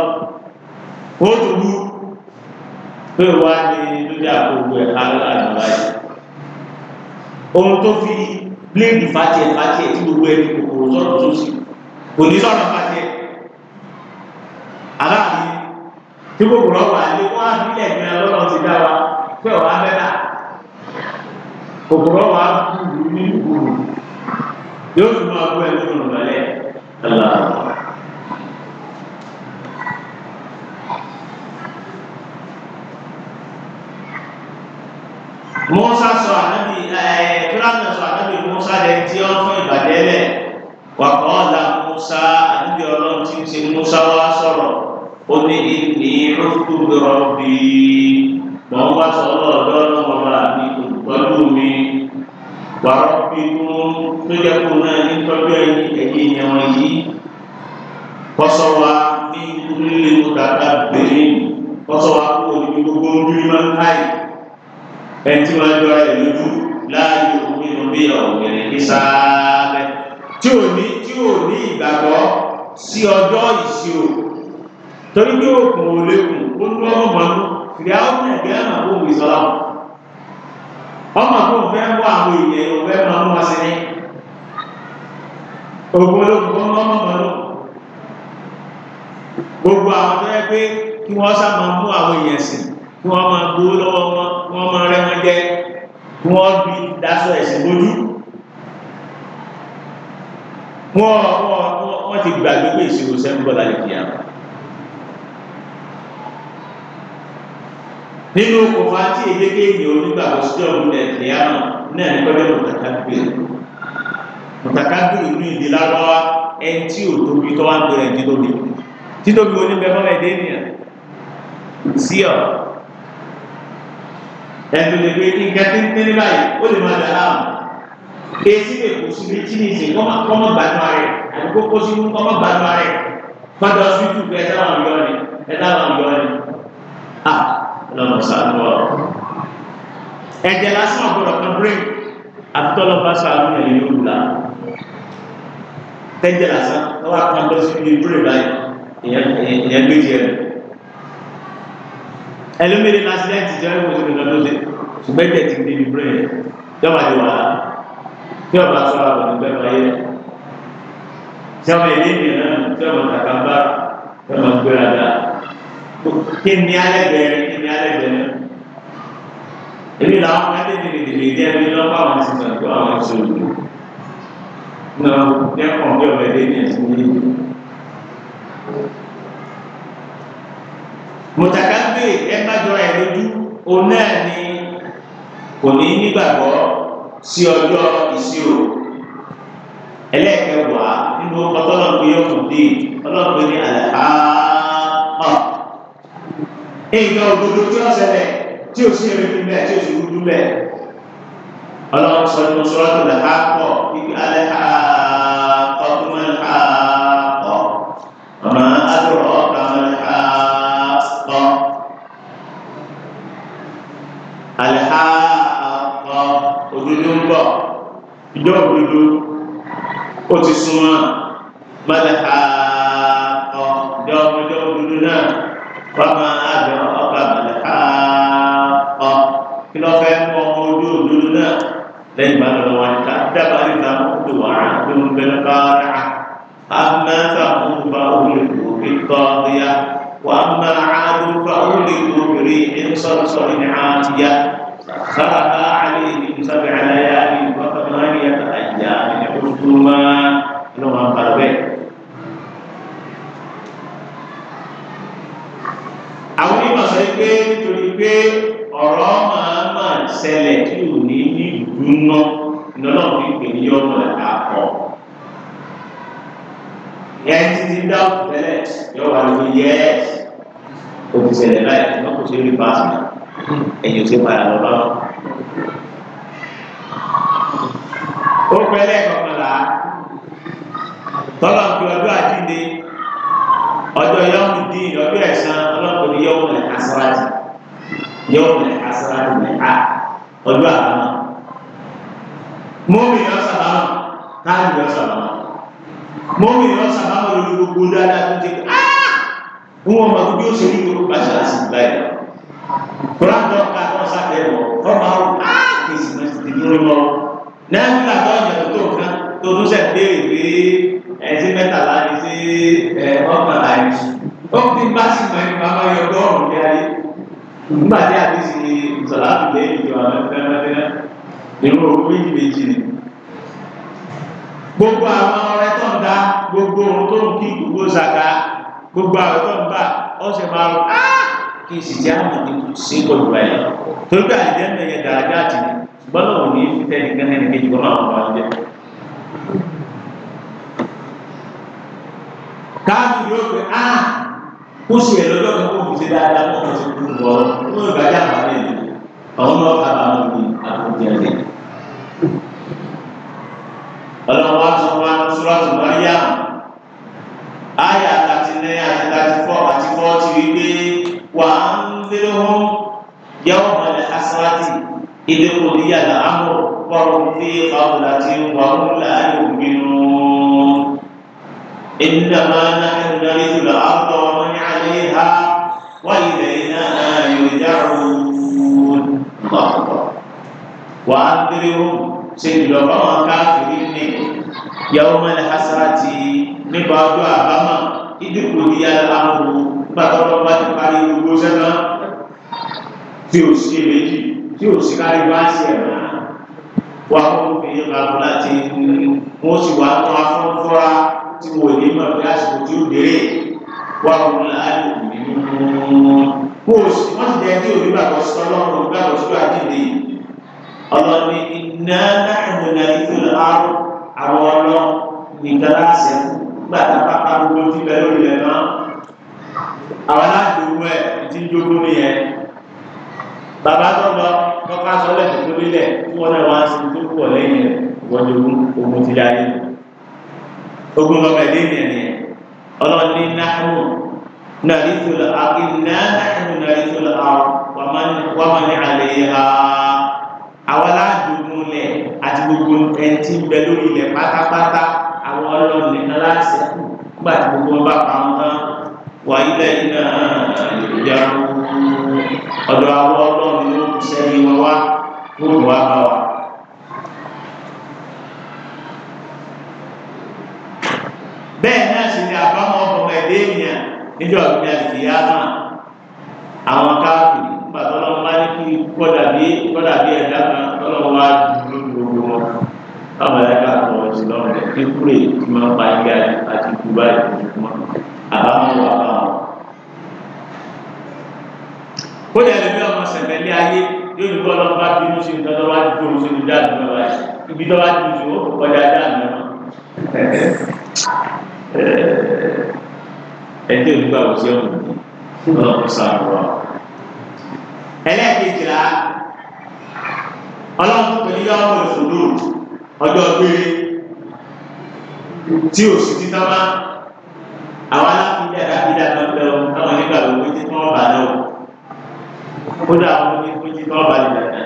ó tó bú pé wàá ní lójú àpò ògbẹ́ àlọ́ àdúrà ohun tó fi bléèdì fàtiẹ̀ fàtiẹ̀ tí gbogbo ẹni kòkòrò sọ̀rọ̀ tó sì kò ní sọ̀rọ̀ fàtiẹ̀ aláàbí tí kòkòrò wà lé wá nílẹ̀ ìgbìmọ̀ lọ́nà ti dá wa pé ọ̀rọ̀ abẹ́rẹ́ kòkòrò wà kúrú ní kúrú yóò fi máa gbọ́ ẹ̀ lọ́nà lọ́lẹ̀ aláàbí. Musa sọ ànábì ẹ̀ẹ́ Fúlàní sọ ànábì Musa lẹ tí ó fún ìbàdẹ́ lẹ̀ wà kọ́ ọ̀la Musa ànábì ọlọ́run tí ń ṣe Musa wá sọ̀rọ̀ ó ní ìní rúkú rọ̀bì mọ̀ ń wá sọ ọlọ́ọ̀dọ́ ọlọ́mọba mi olùtọ́jú mi wà rọ̀bì fún tó jẹ́ kó náà ní tọ́jú ẹ̀yìn ẹ̀yìn ìyẹn wọ̀nyí kọ́sọ́wá ní ilé ìwòkàtà bẹ̀rẹ̀ kọ́sọ́wá kó o ní gbogbo ojú ìmọ̀ káyìí ẹtí wọn jọ ẹ lójú láàyè nínú bí ọ̀gbẹ̀rẹ̀ ní sáábẹ́ tí ò ní tí ò ní ìgbàgbọ́ sí ọjọ́ ìṣirò torí pé òkun ò lékun ó ń lọ́wọ́ mọ́nú ìyá ọmọ ẹ̀gẹ́ ẹ̀mà kó wù ìsọ́lá ọmọ kó fẹ́ mú àwọn èèyàn ò fẹ́ máa wọn sí ní òkun olókun kó mọ́ mọ́nú gbogbo àwọn tó yẹ pé kí wọ́n sá mú àwọn èèyàn sìn kí wọ́n máa gbowó lọ́wọ́ wọn kí wọ́n máa rẹ́ wọn jẹ kí wọ́n bí dasọ ẹ̀sìn lójú wọ́n wọ́n ti gbàgbé pé ìṣirò sẹ́ńbọ̀ lálẹ́ kìí àwọn. nínú òkùnfà tí èdèké ènìyàn onígbàgbọ́ sí ọ̀hún ẹ̀ kìíyàmù náà ní pẹ́pẹ́ mùtàkàbìrì mùtàkàbìrì ní ìdí lágbáwá ẹni tí ò tóbi tó wá ń gbé ẹni títóbi oníbẹ̀fọ́ ẹ̀dẹ́ ènìyàn sí ọ̀ ẹ̀dùn lè pe nǹkan tí ń tẹ́lẹ̀ báyìí ó lè máa dà láàmú èsì lè kó sí létí ní ìsìn kọ́mọ kọ́mọ gbàdúrà rẹ̀ àti kókó sí fún kọ́mọ gbàdúrà rẹ̀ fọ́dọ̀ síbítù pé ẹ̀dá wọn yọ ni ẹ̀dá wọn yọ ni à lọ́nà sàánú ọ̀ ẹ̀jẹ̀ lásán ọ̀gbọ̀dọ̀ kan bírèkì àtúntọ́lọ́ba sàánú ẹ̀ yóò wù láà tẹ́jẹ̀ lásán lọ́wọ́ àkàndọ́sí bíi bírèkì báyìí ìyẹn gbé jẹ́ rẹ̀ ẹlòmíì ní accident ti ọ̀rẹ́ mọ̀tò nìkan tó ṣe ṣùgbọ́n ẹ̀jẹ̀ ti débi brain jọba ti wà tí ọba sọ àwọn ọ̀dùnkẹ́ máa yẹ tí ọba ìdí ìdí náà tí ọba kàkà bá tí ọba gbéra dá kí ni alẹ́gbẹ̀ẹ́ kí ni alẹ́gbẹ̀ẹ́ náà èmi làwọn ọmọdé ti di ìdílé jẹ́ mi lọ́pọ̀ àwọn ti sàn tó àwọn ti sòrò náà ní ẹ̀kọ́ bí ọba ìdí ìdí ẹ̀ mùtàkàgbé ẹgbàjọ ẹ lójú òun ni kò ní nígbàgbọ́ sí ọjọ́ ìṣirò ẹlẹ́ẹ̀kẹwàá nínú ọtọ́lọ́pẹ ọ̀túndé ọlọ́pẹ ní àlàáhà èèyàn òdodo tí ó ṣẹlẹ̀ tí ó sì èrè nílẹ̀ tí ó sì rúdú lẹ̀ ọlọ́pẹ sọ ní sọ́ọ́tò làhà pọ̀ ibi àlàáhà. ìjọ òdodo ó ti súnmọ́ mọ́lẹ́ka ọ̀ ìjọ ọmọdé náà wọ́n máa àjọ ọba ọ̀ kí lọ́ fẹ́ kọ́ ọmọ ojú òdodo náà lẹ́yìn ìgbà lọ́wọ́ wọn ká dábàá níta mọ́tò wà á tó ń bẹ lọ́kọ́ rà á máa fà ń fa òun lè kó kí kọ́ ọ́yá wà á máa àádó fa oun le ko wa a maa aado kó kiri ń sọ̀rọ̀ sọ̀rọ̀ ní àtìyá sára ṣẹlẹ̀ tí ò ní ní ìdúná lọ́nà pípé ní ọmọ àkọ́. Yẹn ti ti dá òtẹ́lẹ̀ yọ wà lórí yẹ́s. O ti ṣẹlẹ̀ láì wọ́n kò ṣe rí báàsì ẹ̀yìn òṣè padà lọ lọ́wọ́. Ó pẹ́lẹ́ kọkànlá tọ́lọ̀ fi ọjọ́ àjíǹde ọjọ́ yọ̀ọ́mù dín ọjọ́ ẹ̀sán ọlọ́kùnrin yọ̀ọ́mù lẹ̀ kásáràjì yọ̀ọ́mù lẹ̀ kásáràjì lẹ̀ á ọjọ́ àbámọ̀ mọ́mí lọ sàbámọ̀ káàdì lọ sàbámọ̀ mọ́mí lọ sàbámọ̀ lórí gbogbo dáadáa tó ti kọ́ ń wọ́n mọ̀ bí ó ṣe rí gbogbo àṣà àti ìgbà yìí kúrọ́dọ̀ ká tó sábẹ́ wọ̀ ọmọ àwọn àkèsì náà ti dúró lọ náà nígbà tó ọjà tó kan tó tún sẹ̀ béèrè pé ẹtí mẹ́tàlá ni sí ọgbọ̀n láì ó bí bá sì mọ̀ ẹni bàbá yọ ọgọ́rùn-ún ní ayé nígbà tí a ti ṣe ìsọ̀lá àtúndé ìjọ àlọ́tẹ́lẹ́tẹ́lẹ́ ìrún òru méjì méjì ni gbogbo àwọn ọrẹ tó ń dá gbogbo ohun tó ń kí gbogbo zaka gbogbo àwọn tó ń bá ọ̀sẹ̀ máa rọ kí n sì jẹ́ àmọ̀ ní sí ìkọlù rẹ̀ torí pé àìjẹ́ ń bẹ̀yẹ gàràjà àti ní ṣùgbọ́n náà ò ní fi tẹ́lẹ̀ gánà ní kejì kọ́ máa wà jẹ́. káàdì yóò pé áà kó sì ẹ̀ lọ́jọ́ kan kó fi ṣe dáadáa kó kàn sí kúrú lọ nínú ìgbàjá àbálẹ̀ ni àwọn náà ká bá wọn ní àkójọ ẹ̀jẹ̀. ọlọ́run wa tún wá sọ́ra tó wá yá àyà àti nẹ́ẹ̀ àti thirty four àti forty wípé wà á ń lérò hàn yẹ́wọ̀n mọ́lẹ̀ asáràtì ilé oníyà làámọ̀ wọ́n fi kàwùlà tí wọ́n ń láàyè òmìnirun. إنما نحن نرث الأرض ومن إليها وإلينا يرجعون الله أكبر وأنذرهم سيد الله كافرين يوم الحسرة نبعد أباما إذ قضي الأمر gbàtọ́tọ́ bá ti parí gbogbo sẹ́nà tí ò sí méjì tí ò sí kárí wá sí ẹ̀rọ wà fún fi ìlànà láti wọ́n sì wá tán afọ́nfọ́ra tí wọ́n ní mọ̀ pé àsìkò tí ó dérè wà wúlò àdùnnú kó o sì wọ́n ti dẹ́ẹ́ tí òbí gbàgbọ́ sí ọlọ́run gbàgbọ́ sí àdìdì ọlọ́ni iná láàrin ìlú àrùn àwọn ọlọ́ nìkan láṣẹ gbàtà pápá gbogbo ti bẹ lórí ẹ̀ náà àwọn aládùúgbò ẹ̀ ti ń jogún nìyẹn bàbá tó lọ kọ́kọ́ aṣọ lẹ́kọ̀ọ́ tó lélẹ̀ tí wọ́n náà wá sí tó pọ̀ lẹ́yìn rẹ̀ wọ́n jogún ogun ti dáyé ogun lọ́mọ ẹ̀dẹ́ ọlọ́ni náhùn nàrí tòlù àkì náhùn nàrí tòlù àrùn wàmà ní àlẹ́ ha àwọn aládùúgbò lẹ̀ àti gbogbo ẹtí ń bẹ lórí ilẹ̀ pátápátá àwọn ọlọ́run nìkan láṣẹ tí gbogbo wọn bá wà ilẹ̀ náà ìjà bẹ́ẹ̀ náà sì ni àbámọ̀ ọmọ ẹ̀dẹ́ ènìyàn níjọ́ àbújá ti yá náà àwọn káàkiri nígbà tọ́lọ́wọ́ bá ní kí gbọ́dà bí gbọ́dà bí ẹ̀dá kan tọ́lọ́wọ́ wá dúró gbogbo wọn táwọn ẹ̀dá kan tọ̀ sí lọ́wọ́ rẹ̀ ní kúrè tí máa ń pa ilé ayé àti ikú báyìí lójoojúmọ́ àbámọ̀ wà báwọn. ó yẹ ẹ̀rọ bí ọmọ sẹ̀mẹ̀ lé ayé yóò ní bọ́lọ́ bá bínú sí ní tọ́lọ́wọ́ á dúró ẹ̀ẹ́dẹ́ onígbàwò tí ọ̀nà ní ọlọ́run sàrọ̀ ẹlẹ́ẹ̀kejìlá ọlọ́run tó ní yọ̀ọ́ ìfòlù ọjọ́ gbére tí o sì ti tán bá àwọn alákùnrin àdábìlà náà lọ táwọn onígbàwò pé tí wọ́n bà náà kódà àwọn onígbàwò tí wọ́n bà lè dàgbà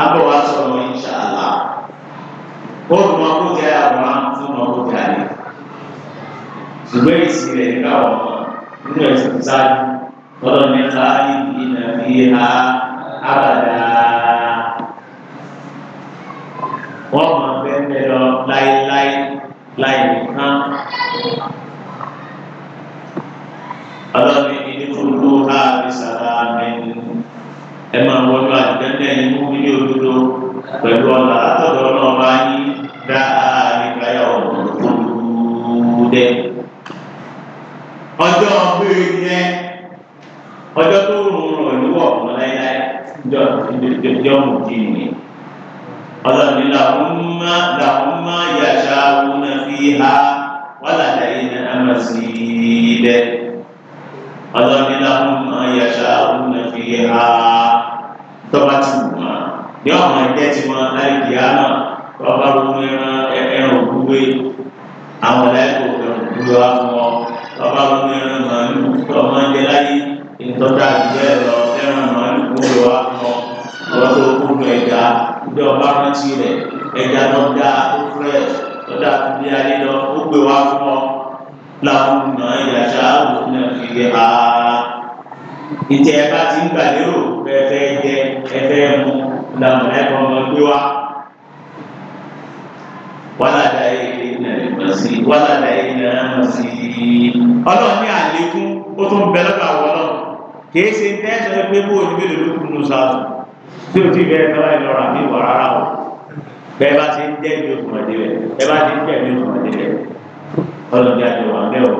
abọ́ wa sọ̀rọ̀ ìṣàlá kóòtù wọn kó jẹ́ àwọn ọmọ ọmọ ọjà rẹ̀ ṣùgbọ́n ìsìn rẹ̀ nígbà wọ̀ nínú ẹ̀sìn sáájú lọ́dọ̀ ní káàdì ìdílé fi ha abàdà wọ́n mọ̀ bẹ́ẹ̀ lọ láéláé láì nìkan ọlọ́ni ìdíkùlù ha fi sàrà mẹ́rin ẹ máa wọlé àdìgbẹ́ndẹ́ yìí mú ilé òdodo pẹ̀lú ọ̀la. yo tún bẹ lọ́dọ̀ àwọn náà kìí ṣe tẹ́sán pé bó ní mélòó ló kún un sáàtù tí o ti bẹ́ẹ̀ tọ́lá ìlọra mi wà rárá o bẹ́ẹ̀ bá ti ń jẹ́ ìlú òkùnmọ̀dé rẹ̀ bẹ́ẹ̀ bá ti ń rẹ̀ ọlọ́dẹ àjọwà mẹ́wọ̀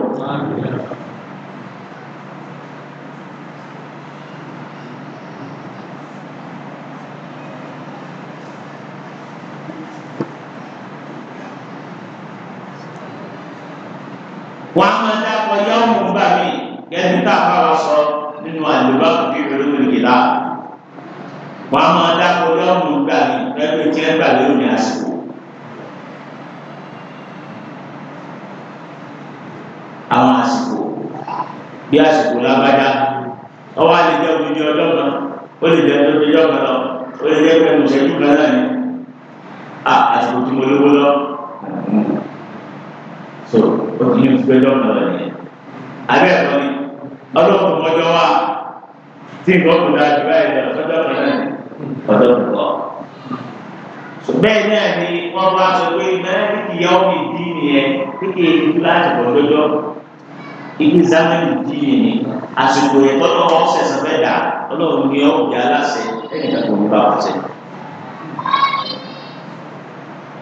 ọwọ́ a lè jẹ́ kan ó lè jẹ́ kan lọ ó lè kan náà a àsìkò tí mo lówó lọ so ó ti ní ìfúgbẹ́ ọjọ́ kan lọ nìyẹn abẹ́ ẹ̀kọ́ ni ọlọ́run ọjọ́ wa tí nǹkan kò dáa jù báyìí lọ ọjọ́ kan náà ni kan lọ bẹ́ẹ̀ náà ni wọ́n bá sọ pé mẹ́rin kìí yá omi nìyẹn kékeré kí láti bọ̀ ibi zamani díye ni àsìkò yẹn tọ́lọ́ wọn sẹ̀sán fẹ́ dà ọlọ́run ní ọ̀gbìn aláṣẹ ẹnìkan kò ní bá wọn sẹ.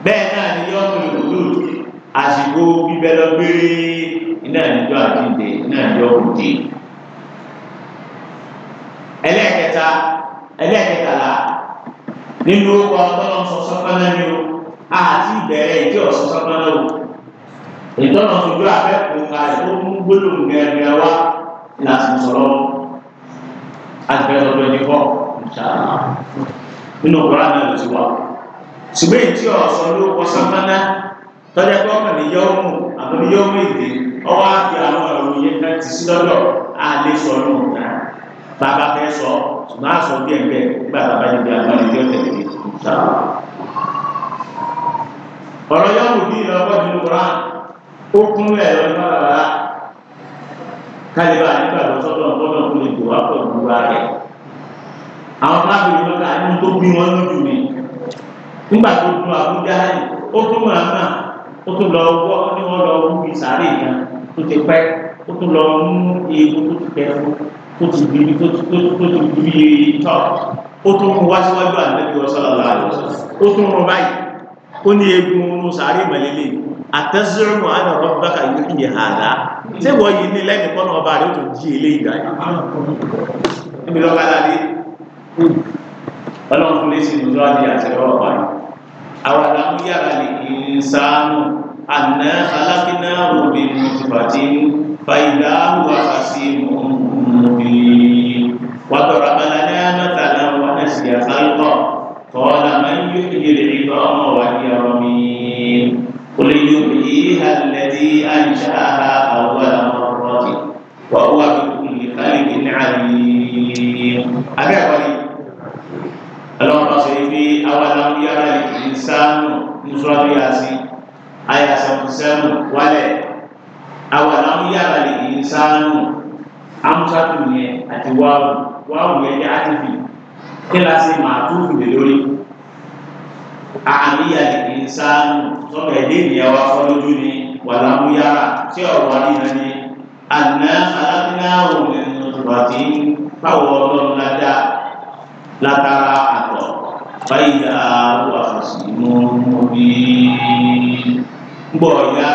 bẹ́ẹ̀ náà ni yọ́nù ìlú àsìkò bíbẹ́ lọ gbére iná ìjọ àdìndè iná ìjọ òde. ẹlẹ́ẹ̀kẹta ẹlẹ́ẹ̀kẹtàlá nínú ọkọ̀ ọlọ́run sọ sọ́kànnà ni o a àti ìbẹ̀rẹ̀ ìjọ sọ sọ́kànnà o ìtọ́nà ojú abẹ́kùn ka ètò ń gbólóhùn gẹ́gẹ́ wá láti sọ̀rọ̀ àgbẹ̀lọ́dọ̀ ẹni kọ́ nínú kọ́ra náà ló ti wá. ṣùgbọ́n èyí tí ọ̀sán ló kọ́ sọ́mọ́ná tọ́jà pé ọkàn ní yọ́ọ̀mù àbọ̀ ní yọ́ọ̀mù èdè ọwọ́ àti àwọn ọ̀rọ̀ yẹn ká ti sí lọ́dọ̀ á sọ ọ́ nù náà bàbá fẹ́ sọ ṣùgbọ́n àṣọ bí ọ̀rọ̀ yọ́ọ̀mù bí ìlọ́gbọ́n nínú kọ́ra ó kún ẹ̀rọ nípa bàbá kálíbà nígbà tó sọ́dọ̀ ọ̀gbọ́dọ̀ tó lè dùn wá pọ̀ gbogbo rẹ̀ àwọn káàbìrì lọ́kà ní tó bí wọn lójú mi nígbà tó dùn àbújá yìí ó tún wà náà ó tún lọ wọ́ ní wọ́n lọ wú ìsàlẹ̀ kan tó ti pẹ́ ó tún lọ mú ewu tó ti pẹ́ fún tó ti di tó ti tó ti di tọ́ ó tún mú wá síwájú àlejò ọ̀sán lọ́la àlọ́ ó tún rún báyìí ó ní egun sàárè mọ̀lẹ́lẹ́ yìí àtẹ́sọ́rùn àná rọ́bàkà yóò yẹ àdá tí wọ́n yìí ní lẹ́nu kọ́nà ọba rẹ̀ ó tún jí ilé ìgbà yìí níbi lọ́ba aládé ọlọ́run fún lẹ́sìn ìlú adé àti rọ́bà yìí àwọn àdámú yàrá lè sàánù àná alákínà òbí mùtìbàtì fàyídà wà fàṣì mùmùmí wàtọ̀rọ̀ abalẹ̀ náà mẹ́tàlá wọn náà sì àkálùkọ̀ kọ́ قل يحييها الذي أنشأها أول مرة وهو بكل خلق عليم أكبر اللهم صل في أولم يرى الإنسان من سورة ياسين آية 77 ولا أولم يرى الإنسان amsatu yẹn àti wáwù wáwù yẹn jẹ àtìfì kíláàsì màá tó fìdí ìsáánù tọ́lọ̀ ẹ̀dẹ́ ènìyàn wa fọ́ lójú ni wàlámúyára tí ọ̀rọ̀ wa nìyẹn ni àná alábíná òun ẹ̀nu ọ̀rọ̀ àti báwo ọlọ́run ládá látara àtọ̀ báyìí àwọn àfọ̀sí mú mi ń bọ̀ ya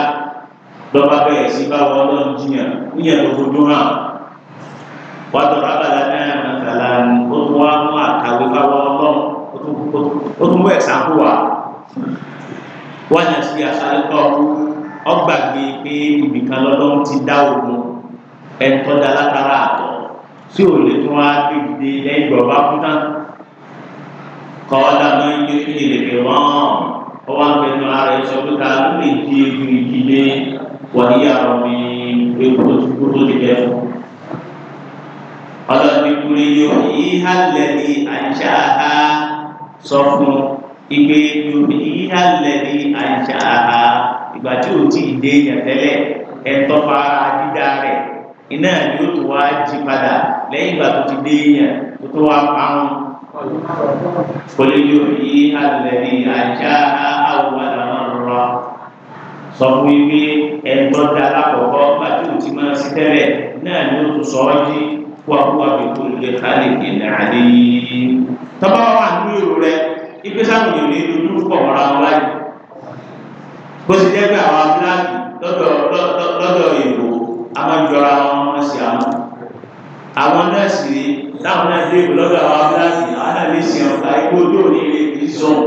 lọ́ba bẹ̀rẹ̀ sí báwo ọlọ́run jiyàn níyẹn tó fojú hàn wàá tọ̀rọ̀ abàlá náà màtàlá ó tún wá mú àkàwé báwo ọlọ́run ó tún wọ ẹ̀sán fún wa wọ́n yà sí àṣàlùkọ́ ọgbàgbé pé ibìkan lọ́dún ti dá òun ẹ̀tọ́ da látara àtọ̀ tí ò lè tún wá dídé lẹ́yìn ìgbọ̀nba kú tán kọ́ọ́dà máa ń yé kí lè fi wọ́n ọ wá ń bẹnu ara ẹ̀ sọ pé ká ló lè di ewu ìdílé wọ́n yà wọ́n ní ewu tó ti kú tó ti bẹ́ẹ̀ fún un ọlọ́ọ̀ni yóò yí hàlẹ́ ní àṣà á sọ fún un ìgbé yorùbá yìí hà lẹ́ni àjà àhà ìgbà tí ò tí ì dé yàn tẹ́lẹ̀ ẹ̀tọ́ fara dídá rẹ̀ iná ni ó tó wá jí padà lẹ́yìn ìgbà tó ti dé yàn tó tó wá pàrọ̀ kòlè yorùbá yìí hà lẹ́ni àjà àhà wà lọ́rọ̀ sọ fún yín pé ẹ̀tọ́ ìgbà tí ò ti máa sí tẹ́lẹ̀ náà ni ó tó sọ ọ́ jí wàhùwà bí kò lè kálí ìlànà yìí tọ́ba ipe sáwọn èèyàn nínú tó pọ̀ mọ́ra wọn láyé bó ti jẹ́ pé àwọn fúlàní lọ́dọ̀ èèbò amájọra wọn sí àwọn àwọn náà sì táwọn náà dé ìbò lọ́dọ̀ àwọn fúlàní àwọn náà lè sí ọ̀gá ikú ojú òní ilé kì í sùn.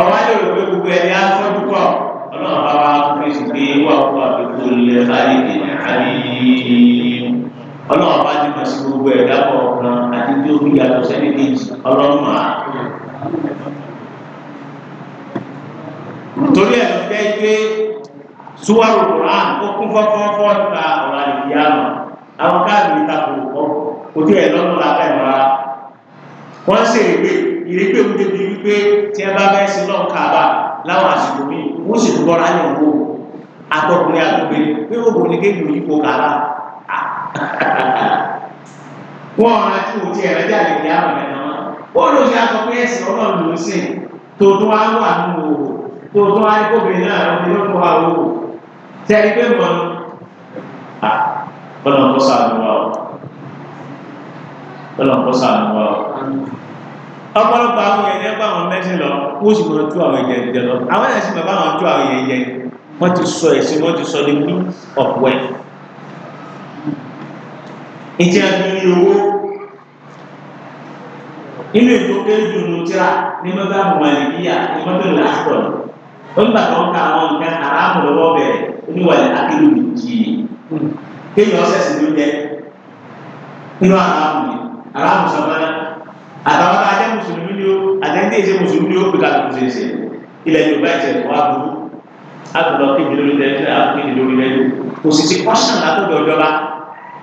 ọ̀wá yóò rò pé gbogbo ẹni á fọ́ púpọ̀ ọlọ́run bá wa fún ìsìnkú wà fún àbíkú lẹ́fà ìdènà àbí ọlọ́run bá ti mọ̀ sí gbogbo ẹ̀dá kọ̀ọ̀kan àti tí ó fi yàtọ̀ sẹ́ni kejì ọlọ́run máa. torí ẹ̀ ló jẹ́ pé suwaru quran ó kún fọ́fọ́fọ́ nípa ọ̀rọ̀ àlèkìyà lọ àwọn káàdì ìtakò ọ̀ ojú ẹ̀ lọ́nà lápá ìmọ̀ ara wọ́n ṣe èrè ìrègbè ń débi wípé tí ẹ bá bẹ́ẹ̀ sí lọ́n kàbà láwọn àsìkò míì wọ́n sì tún bọ́ra ní òwò àtọkùnrin àtọkùnrin pé òwò ni kéèkì òyìnbó kàbà wọn ọ̀rọ̀ tí o ẹ̀rọ jáde ní àwọn ẹ̀rọ wọn ó lọ sí aṣọ pé ẹ̀sìn ọlọ́run ló sìn tó tó wá wà nù o tó tó wá ní kóbìnrin náà ló fi lọ́kọ̀ wá o tẹ́lí pé mọ̀ ọ́ ọ̀nà kó sàánú wa o ọ̀nà kó sàánú wa o ọ̀pọ̀lọpọ̀ àwọn èèyàn bá wọn mẹ́sìn lọ ó sì mọ̀ tú àwọn èèyàn jẹ lọ àwọn èèyàn sì mọ̀ bá tú àwọn èèyàn jẹ wọ́n ti sọ ẹ̀sìn wọ́n ti sọ ní wí ọ̀pọ̀ ẹ̀ ìtí ẹbí ní owó inú ètò kéjì ní tíra ní mẹ́fà mọ̀lẹ́bíyà ní mọ́tò làásìkò nígbà tó ń ka àwọn nǹkan aráàmù lọ́wọ́ bẹ̀rẹ̀ oníwàlẹ̀ akéwì ní jìnnì kéjì ọ̀sẹ̀ sì ló jẹ nínú aráàmù yẹn aráàmù sọ̀rọ̀ àtàwọn bá jẹ́ mùsùlùmí ni ó àtẹ́ńdé ìṣe mùsùlùmí ni ó pè ká ló ṣe ṣe ilẹ̀ Yorùbá ìṣẹ̀lẹ̀ wà burú àgùdọ̀ kéjì lórí lẹ́jọ́ àgùdọ̀ lórí lẹ́jọ́ kò sì ti kọ́ṣàn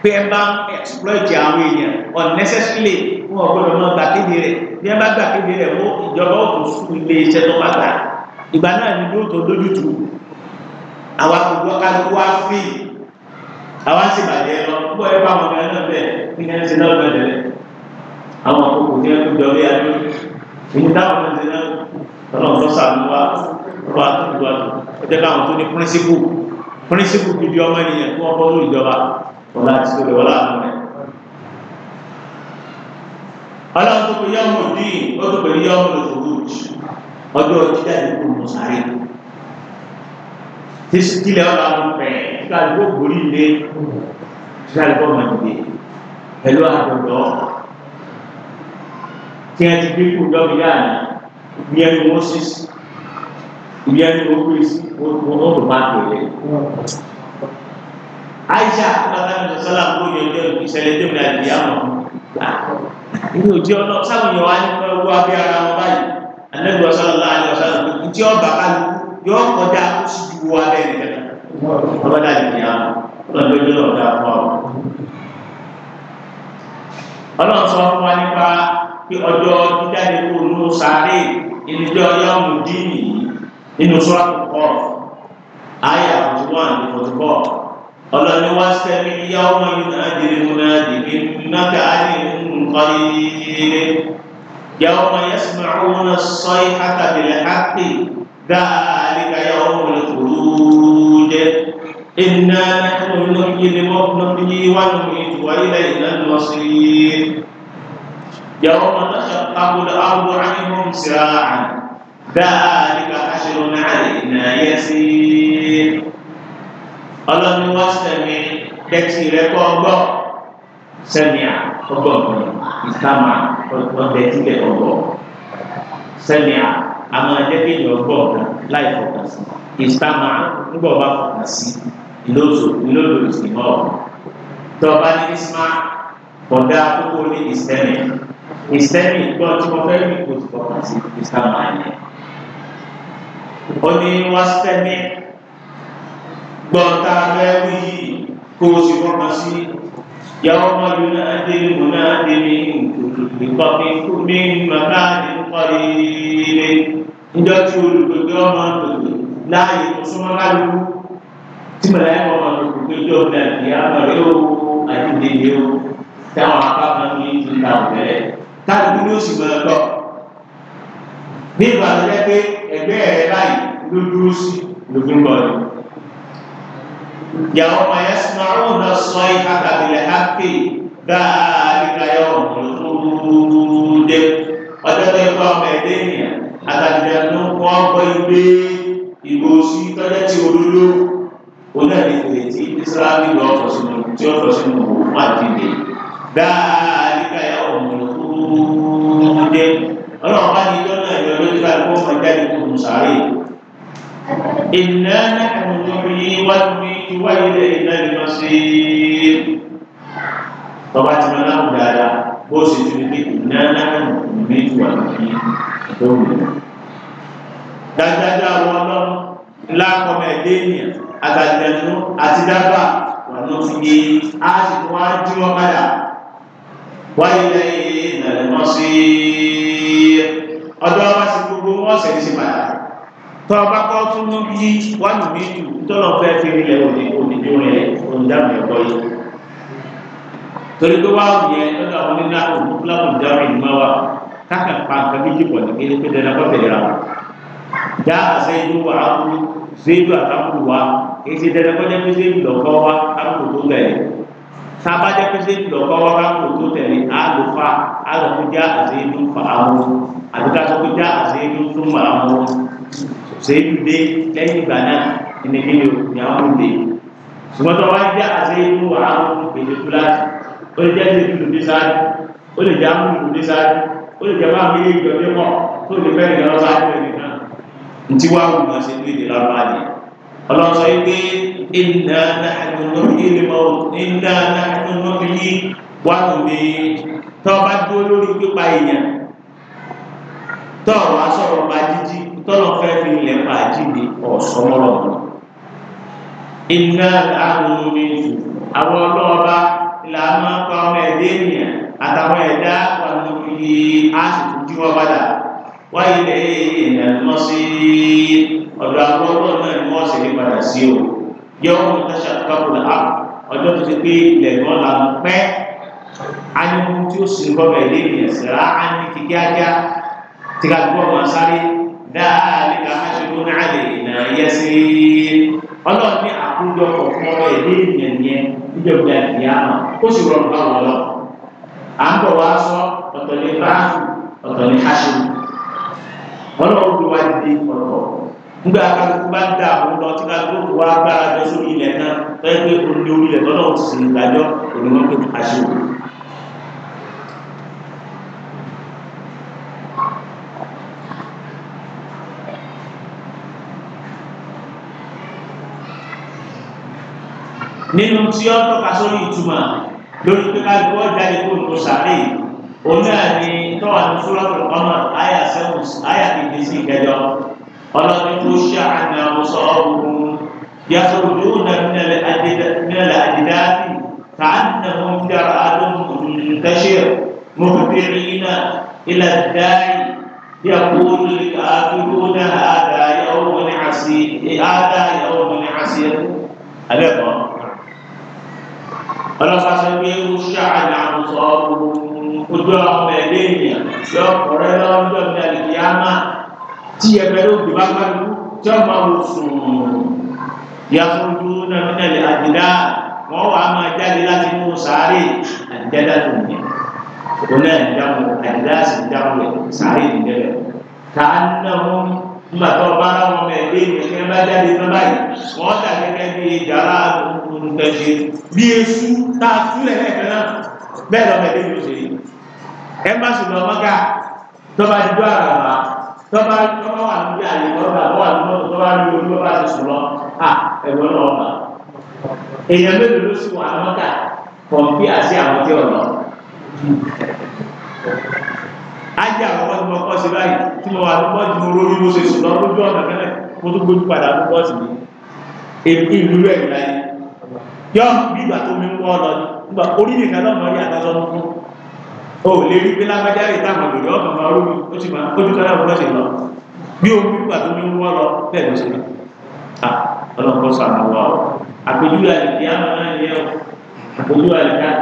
pé bá exploit àwọn èèyàn unnecessarily wọn ò gbọdọ̀ máa gbà kéde rẹ̀ bí ẹ bá gbà kéde rẹ̀ wọ́n ìjọba ò tún sún ilé iṣẹ́ tó bá gbà ìgbà náà ni yóò tó lójútu àwọn akọ̀gbọ́n kálukú wá fi àwọn sì bàjẹ́ lọ púpọ̀ ẹ bá wọn náà bẹ́ẹ̀ ní ẹ ń ṣe náà bẹ̀rẹ̀ àwọn àkókò ní ẹkú jọlé adé èyí táwọn náà ṣe náà lọ́nà tó sàmúwá lọ́wọ́ àtúntò àtúntò ẹ jẹ́ káwọn tó ní píríncípù píríncípù gidi ọmọ ènìyàn kí wọ́n ọlá ti sọ̀rọ̀ ọlá àwọn rẹ̀. ọlọ́run tó pe yọ́mù dín ó tó pe yọ́mù lòfòrúj ọjọ́ jíjà ní kò mọ̀ sáré. tíṣíkìlẹ̀ ọ̀la ń pẹ̀ kíkà ló borí ilé kíkà ló bọ́mọ̀ dìde pẹ̀lú àdọ̀dọ̀ tí a ti dín kù dọ́bi yára ní ẹnu moses ìbí ẹnu moses ó tó bá tẹ̀lé. Aisha alábàámi sọlá kó yọ ọjọ́ ìṣẹ̀lẹ̀ tó ga ìdí àwọn ìlú òjì ọlọ sáwọn yọ wá nípa owó abẹ ara wọn báyìí anẹgbẹ ọsọlá lọ àlẹ ọsọlá tó ìjì ọba kálù yọ ọkọjá ó sì ju owó abẹ rẹ ọlọdà ìdí àwọn ọlọdà ìdí ọlọdà fún ọ. Ọlọ́run sọ fún wa nípa pé ọjọ́ dídáde kó nínú sáré ìnìjọ yọmùdínì nínú sọ́ọ̀tù kọ́ọ̀fù ayé àwùjọ wà ní fọ́tù kọ́ọ̀fù. قال ان واستمع يوم ينادي المنادي منك عليم قليل يوم يسمعون الصيحة بالحق ذلك يوم الخروج إنا نحن نحيي الموت نحيي ونميت وإلينا المصير يوم تشقق الأرض عنهم سراعا ذلك حشر علينا يسير ọlọ́ni wá sẹ̀mí tẹ́tì rẹ kọ́ ọgbọ́ sẹ́mi à ọgbọ́ mi ìtàmà ọdẹ tílẹ̀ ọgbọ́ sẹ́mi à àwọn ẹ̀dẹ́gbẹ̀yìn ọgbọ́ ọ̀gá láì fọkàn sí ìtàmà ńgbọ̀ bá fọkàn sí ìlóso ìlóso ìsìnkọ́ tọba ní isma kọ̀dá àkókò ní ìsẹ́mi ìsẹ́mi gbọ́ tí wọ́n fẹ́ rí kò tí fọkàn sí ìtàmà yẹn ó ní wá sẹ́mi gbọ́ta mẹ́rin yìí kó o sì wọ́n kan sí yàwó mọ́lú náà dé ní mọ́ náà dé ní ìkọ̀kì kó mi màmá nípa ilé ńjọ́ tí olùgbègbè ọmọ láàyè tó súnmọ́ lálùkù tí mọ̀lá yẹn wọ́n mọ̀ lójó ọ̀gbìn àti àmọ̀rẹ́ o àdìdèlè o táwọn apákan ní ti ta ọ̀bẹ̀rẹ̀ táwọn ní oṣù mọ̀ ẹ̀kọ́ ní ìbàdàn pé ẹgbẹ́ rẹ̀ báyìí ló dúró sí lójú ń يوم يسمعون الصيحة بالحق ذلك يوم الخلود ọjọ́ tó ń bá ọmọ ada ènìyàn àtàlẹ́ ló ń kọ́ ọgbọ́ ilé ìbò sí tọ́jẹ́ tí olúlo onáàdìgbò ètí israẹli lọ ọ̀fọ̀ sínú tí ọ̀fọ̀ sínú òun àdìgbè dáadíkà yà ọ̀hún kúrúdé ọlọ́run bá ní ìjọ náà إنا نحن نحيي ونميت وإلينا المصير طبعا تمنى مدادا بوسي تنبي إنا نحن نميت ونحيي dájájá àwọn ọlọ́run ńlá kọmọ ẹ̀dẹ́ ènìyàn àtàjẹ̀nú àti dábà wà ní ti gbé a sì tún wá jí wọn padà wáyé lẹ́yìn ìrìnàlẹ́mọ́sí ọdọ́ wá sí gbogbo wọn sẹ̀rí sí padà tọ́ba kọ́ tún mú bí wà nù mí tù tọ́lọ̀ fẹ́ fi rí lẹ̀ òní onídó rẹ̀ òǹdàmì ẹ̀kọ́ yìí. torí pé wàá wù yẹn lọ́dọ̀ àwọn onídó àwọn fúlàmù ìdámì ìlú wa káàkà pa nǹkan méjì pọ̀ ní kéde pé dandan kọ́ tẹ̀lé ra wa. dá àṣẹjú wa àkúrú ṣéjú àtàkù wa kì í ṣe dandan kọ́ jẹ́ pé ṣéjú lọ́kọ́ wa káàkù tó tẹ̀lé. sábà jẹ́ pé ṣéjú lọ́kọ́ àwọn àdúgbò àṣẹjú tó mọ àwọn sèyí dé lẹ́yìn ìgbà náà ẹni kí ni o ìyàwó ń dé ṣùgbọ́n tó wá jẹ́ àṣeyí tó wà á lọ́wọ́ pèsè kíláàsì ó lè jẹ́ ṣe tìlù ní sáré ó lè jẹ́ amúlùmí ní sáré ó lè jẹ́ bá mi lè jọ mímọ́ tó lè fẹ́ ìdáná sáré rẹ̀ nìkan ntí wàá wù wọ́n ṣe lè dè àjẹ́ ọlọ́run sọ pé iná nàánú lórí ìlmọ̀ iná nàánú lórí sọ̀rọ̀ bá jíjí tọ́lọ̀ fẹ́ fi ilẹ̀ pa àjíǹde ọ̀sọ́mọ́lọ̀ mọ́. iná àrùn mi jù àwọn ọlọ́ọ̀bá là máa ń pa ọmọ ẹ̀dẹ́ ènìyàn àtàwọn ẹ̀dá pàlú iye àsìkò tí wọ́n padà wáyé lẹ́ ìrìnà lọ sí ọ̀dọ̀ àbúrò náà ni wọ́n sì ní padà sí o yọ ọmọ tẹ́sà tọ́kùnrin àpò ọjọ́ tó ti pé ilẹ̀ gan la ń pẹ́ ánìkú tí ó sì ń bọ́ bẹ̀rẹ̀ lé ìrìnà rà á ní kíkíákíá tí máa sáré dáàlíkà aṣojú náà lè nà yẹ sí ọlọ́run ní àkójọpọ̀ fún ọmọ ẹ̀dẹ́ ènìyàn yẹn níjọba ìyá náà ó sì rọrùn báwọn lọ à ń bọ̀ wá sọ ọ̀tọ̀ ní báàfù ọ̀tọ̀ ní aṣojú ọlọ́run ló wá dé ọ̀rọ̀ nígbà kálukú bá dá àwọn lọ tí kálukú wá gbára jọ sórí ilẹ̀ náà tọ́ ẹgbẹ́ orí ilẹ̀ tọ́lọ́run sì ń dájọ́ òní wọ́n pè aṣojú. nínú tí ó tọ́ka sórí ìtumọ̀ lórí pé ká gbọ́ jáde kó lọ sàárè òun náà ni tọ́wà ní fúlọ́pù ọmọ àyà sẹ́wọ̀n àyà kìíní sí ìkẹjọ ọlọ́ni tó ṣe àná ọ̀sọ́ ọ̀hún yàtọ̀ òdòwò náà nílẹ̀ àdìdáàbì كأنهم جراد منتشر مهطعين إلى الداعي يقول الكافرون هذا يوم عسير هذا يوم عسير أبدا ọlọ́sàsẹ́ pé ó ṣàlà àwùjọ ojú ọmọ ẹ̀dẹ́ ènìyàn yọ ọ̀rẹ́ lọ́jọ́ ní àlìkíyàmá tí ẹgbẹ́ ló gbé bá pàdé tí ọmọ wò sùn yàtọ̀jú náà nílẹ̀ àdìdá wọ́n wàá máa jáde láti mú sàárè àdìdá tó nìyẹn òun náà ìdáhùn àdìdá sì dáhùn sàárè nìyẹn rẹ̀ kàánà wọn nígbà tó ọba àwọn ọmọ ẹgbẹ́ ìgbésẹ̀ bá jáde tán báyìí wọ́n dà gẹ́gẹ́ bí ìjàrá olùtẹ̀sí bí esu tá a túlẹ̀ lẹ́ẹ̀kan náà bẹ́ẹ̀ lọ́mọ ẹgbẹ́ yóò ṣe yìí ẹ má sùn lọ́mọ ká tọ́ba dídú àràbà tọ́ba tọ́ba wà níbi àyè tọ́ba wà níbi tọ́ba níbi ojú ọba ti sùn lọ à ẹ̀gbọ́n náà ọba èèyàn mélòó ló sì wà lọ́mọ ká kọ̀ọ̀pì àti àwọn tí ọ̀nà ajá àwọn tí mo kọ́ sí báyìí tí mo wà lọ́pọ̀ tí mo rórí mo ṣe sùn lọ́dún tó ọ̀nà fẹ́lẹ̀ mo tún gbójú padà lọ́pọ̀ sí mi èmi ìlú rẹ̀ ní láyé yọ bí ìgbà tó mi ń wọ́ lọ nígbà orí nìkan lọ́mọ rí àtàtọ́ mú fún o lè rí pé lágbájá lè táwọn lòdì ọkàn máa rú mi ó sì máa kójú kọ́lá wọn lọ́sẹ̀ lọ bí o bí ìgbà tó mi ń wọ́ lọ bẹ́ẹ̀ ló ṣe lọ ọlọ́kọ́ sàmì wa o àpèjúwe àlè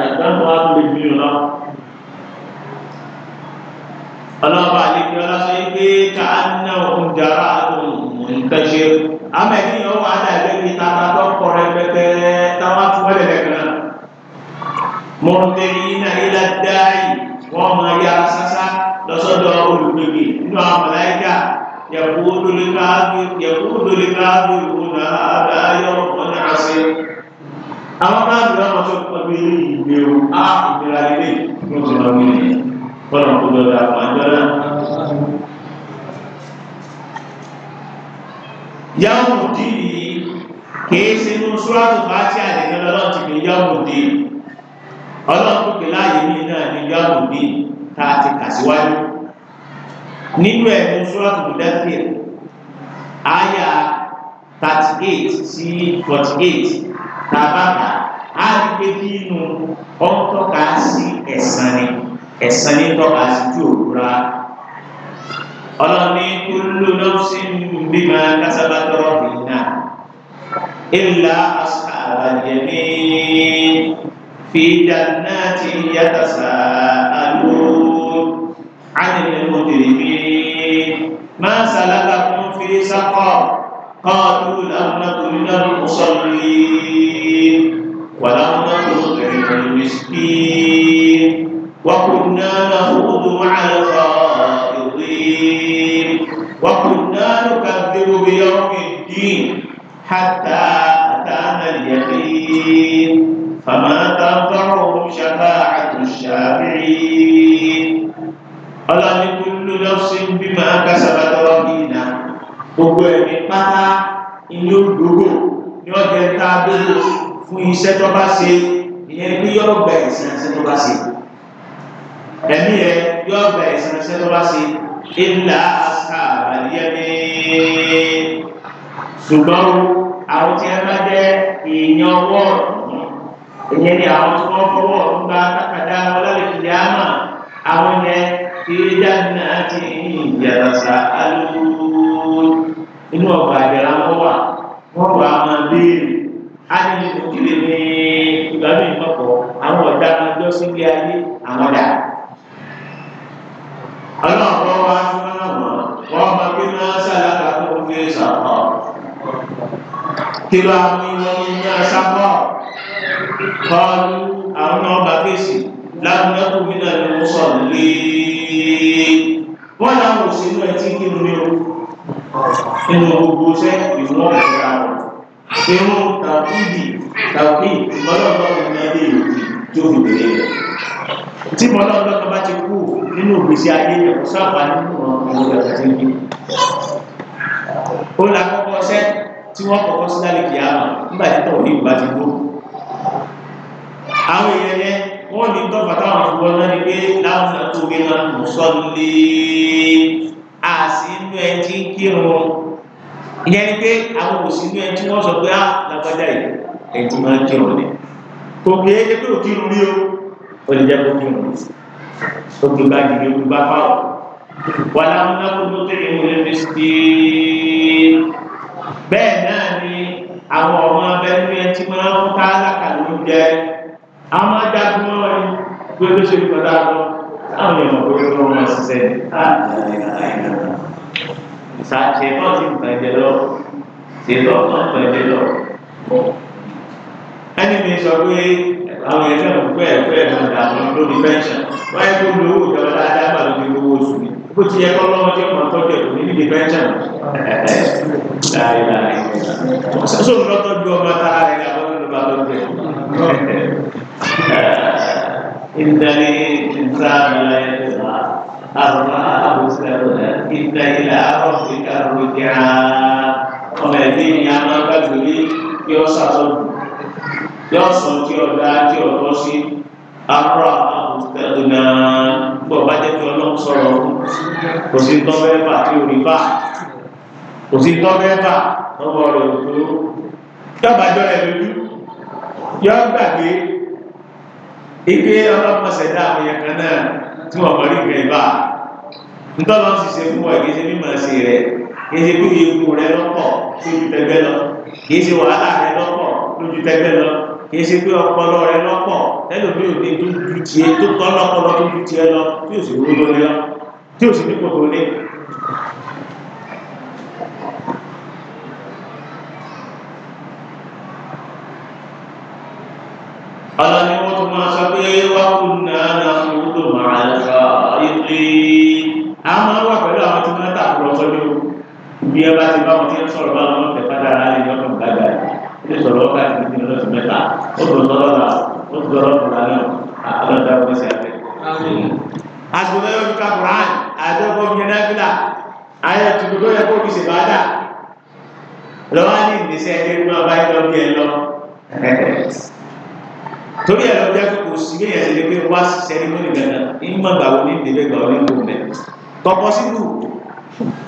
ọlọ́ọ̀bá àlejò ọlọ́sọ yìí pé ká ná òun jàrá àtòun nǹkanṣe amẹ́ni yẹn wà á dàgbé bíi tata tó kọrọ ẹgbẹ́tẹ́ táwọn atúmọ̀lẹ̀ lẹ́gbẹ̀rẹ́ mọ̀tẹ́rì iná ilá dáì wọ́n mọ ayé asásá lọ́sọ̀dọ̀ olùgbègbè nínú àmàláyíká yẹ̀kú dole káàbì yẹ̀kú dole káàbì ìwúna àbáyọ ọ̀nà àṣẹ. àwọn káàbì náà wọ́n sọ pé ọdún yìí ìgbèrò á ah, ìgbèrò tó lọ kọ́nà kó lọ ra àjọ náà. yàwó dì í kìí ṣe inú ṣúrátù bá tí àlẹ́gbẹ́ lọ́lọ́run ti fi yàwó dì í ọlọ́run tó kè láàyè mí náà ní yàwó dì a ti kà síwájú nínú ẹ̀ ní ṣúrátù Mudaththir forty eight tàbátà á rí pé nínú ọ̀tọ́ka ni ẹ̀sán nítọ́ àtijọ́ òwúra ọlọ́ni kullu nafsin bima kasabat rahina illa ashabal yamin fi jannati yatasaalun 'anil mujrimin ma salakakum fi saqar قالوا لم نكن من المصلين ولم نكن نطعم وكنا نخوض مع الخائضين وكنا نكذب بيوم الدين حتى أتانا اليقين فما تنفعهم شفاعة الشافعين ألا لكل نفس بما كسبت رهينة gbogbo ẹ̀mí pátá inú gbogbo ni ọjọ́ ẹ̀ta gbogbo fún iṣẹ́ tó ẹ̀mí rẹ yóò gba ìsinmi tó bá ṣe ilà àṣà àbàdíyẹ́mí ṣùgbọ́n àwọn tí ẹ bá jẹ́ èèyàn ọwọ́ ìyẹn ni àwọn tí wọ́n fọwọ́ ń gba kákàdá ọlọ́rẹ̀ kìlẹ̀ àmà àwọn yẹn kí dáná ti ìyàtọ̀sà alúgbó inú ọgbà àjẹrà wọn wà wọn wà á máa béèrè á ní ìdókìlẹ̀ ní ìgbàlóyìn mọ́kọ̀ àwọn ọ̀daràn ọjọ́ sílé ayé àwọn dàá ọlọ́ọ̀kọ́ wá fúnra wọn wọ́n máa gbé náà sálàkà tó ń gbé sọ̀kọ́ kí ló àwọn ìwọ̀n ní náà sábọ̀ kọlu àwọn ọba fèsì lábúlẹ́kùn mi náà ni mo sọ lé wọ́n náà wò sínú ẹtí kí n mi o nínú gbogbo sẹ́ ìwọ̀n ìgbà wọn irun tàbí tàbí ìmọ̀lọ́gbọ̀n ìgbà dé ìlú tó fi bèrè rẹ̀ tí mọ́lọ́dọ́ kan bá ti kú nínú ìgbésí ayé yẹn kò sábà nínú ọ̀rọ̀ ìyàtọ̀ tí ń bí. ó là kọ́kọ́ ọṣẹ́ tí wọ́n kọ́kọ́ sí lálẹ́ kìí àmà nígbà tí tọ̀ ní ìgbà ti kú. àwọn èèyàn yẹn wọ́n ní tọ́pà táwọn fi wọ́n náà ni pé láwọn náà tó gbéra kò sọ lé a sì ń lọ ẹtí kírun. ìyẹn ni pé àwọn kò ẹtí wọ́n sọ pé á ah, lágbájá yìí ẹtí máa kírun ni. kò gbé ẹgbẹ́ ó lè jẹ́ kó kí wọn ó gbé bá gidi ó gbé bá fáwọn. wà láwọn náà tó tẹ̀lé wọn lè fi sí bẹ́ẹ̀ náà ni àwọn ọmọ abẹ́rẹ́ yẹn ti máa ń ká lákàlú jẹ àwọn adágún náà ni pé ló ṣe kọjá lọ táwọn èèyàn kò rí wọn máa ṣiṣẹ́ ṣètọ́ sí ìtàjẹ lọ ṣètọ́ sí ìtàjẹ lọ ẹni mi sọ pé. àwọn yẹn náà gbẹ ẹgbẹ dàda àwọn lórí pension wọn yẹ kó lówó ìjọba dáadáa bá lórí owó ni bó pension láìláì sọ́sọ́ ń lọ́tọ́ ju ọmọ tára rẹ̀ àwọn olùbá tó gbẹ. ìdálé ìtura ìlà ìtura àwọn àbùsùn ẹ̀rọ ìdá ìlà àròkè kàròkè ọmọ yọ sọ tí ọ̀dà tí ọ̀dọ́ sí arọ àbùtẹ́gùnà gbọ́ bá jẹ́ kí ọlọ́run sọ̀rọ̀ kò sí tọ́fẹ́ bà tí ò rí bà kò sí tọ́fẹ́ bà lọ́wọ́ rẹ̀ òkú yọ́bàjọ́ rẹ̀ lójú yọ́ gbàgbé ike ọlọ́pọ̀sẹ̀ dá àwọn èèyàn kan náà tí wọ́n mọ̀ rí nǹkan ìbá ntọ́lọ́ sì ṣe fún wa kì í ṣe mímọ̀ sí rẹ kì í ṣe kúrò ikú rẹ lọ́pọ̀ lójú tẹgbẹ́ lọ kì í ṣe wàhálà rẹ lọ́pọ̀ lójú tẹgbẹ́ lọ kìí ṣe pé ọpọlọ rẹ lọ́pọ̀ ẹlòmí ò ní dúdú tiẹ̀ tó tọ́ lọ́pọlọ tó dúdú tiẹ̀ lọ tí ò sì wúlò lórí lọ tí ò sì ní kòtò ní. ọ̀la ni wọ́n tún máa sọ pé wá kún náà náà fún owó tó máa ń sọ ìpè a máa wà pẹ̀lú àwọn tí wọ́n ń tàkùrọ̀ sọ́jọ́ bí ẹ bá ti bá wọn ti ń sọ̀rọ̀ báwọn tẹ̀ fádà rárá ní gbàgbà yìí ní sọ̀rọ̀ ọ̀gá ti di ọlọ́sìn mẹ́ta ó tó sọ̀rọ̀ la ó tó sọ̀rọ̀ ọ̀gá náà àlọ́dà ọ̀gá sí àgbẹ̀. àgbẹ̀ yóò fi ká Quran àjọpọ̀ fi yẹn náfìlà ayé tuntun tó yẹ kó fi ṣèbáàdà lọ́wọ́ ní ìgbésẹ̀ ẹgbẹ́ náà báyìí lọ́ bí ẹ lọ. torí ẹ̀ lọ́jọ́ kò sí bí ẹ̀yẹ́ ṣe lè gbé wá sẹ́rímọ́nì gánà ìmọ̀gbà wo ní ìdílé gbà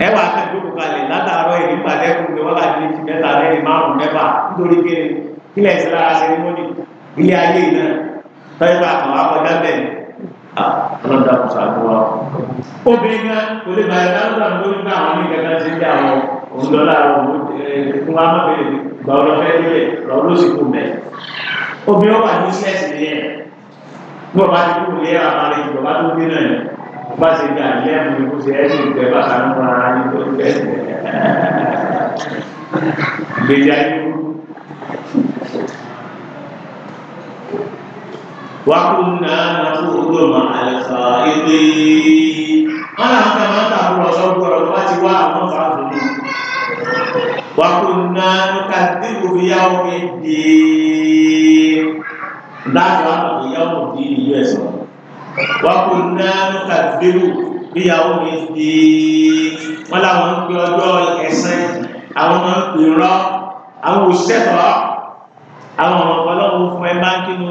ẹ wà á tẹ̀lé kó kalẹ̀ látàárọ̀ ẹ̀ nígbà tẹ́kùn ní wákàtí méjì mẹ́ta mẹ́rin márùn mẹ́fà nítorí kéde kílẹ̀ ìsẹ́lá aṣẹ ní mọ́ni ilé ayé iná tọ́jú bá kàn wá kọjá bẹ́ẹ̀ ọlọ́dà kò sàánú wa. obìnrin náà kò lè bàjẹ́ lálùbà ní lórí bá àwọn oníkẹ́ náà ṣe ń dé àwọn òun lọ́la òun fún wa mọ́bìnrin gbà ọ́ lọ́fẹ́ nílẹ̀ lọ́ọ́ ló sì kú mẹ́. obìnrin wà ní sílẹ̀ sí bá ṣe gbà lẹ́mú ikú ṣe ẹ́ sì ń tẹ́ bàtà ń fún ara yín tó ń tẹ́ gbèjà yín. wákùnà nàfó ọgbọ̀n àlẹ́fà ilé wọn làwọn kan máa ń tàbúrò ọ̀ṣọ́gbọ̀n ọ̀rọ̀ wá ti wá àwọn fàáfù ní. wákùnà nùkà dìbò yàwó mi dé láti wá àwọn ìyàwó mi dé ìlú ẹ̀sán wákò náà ló ka gbèrú mi di wọn làwọn ń pe ọjọ́ ẹ̀sìn àwọn máa ń pè rọ àwọn òṣìṣẹ́tọ̀ àwọn ọlọ́run fún ẹ máa ń kínú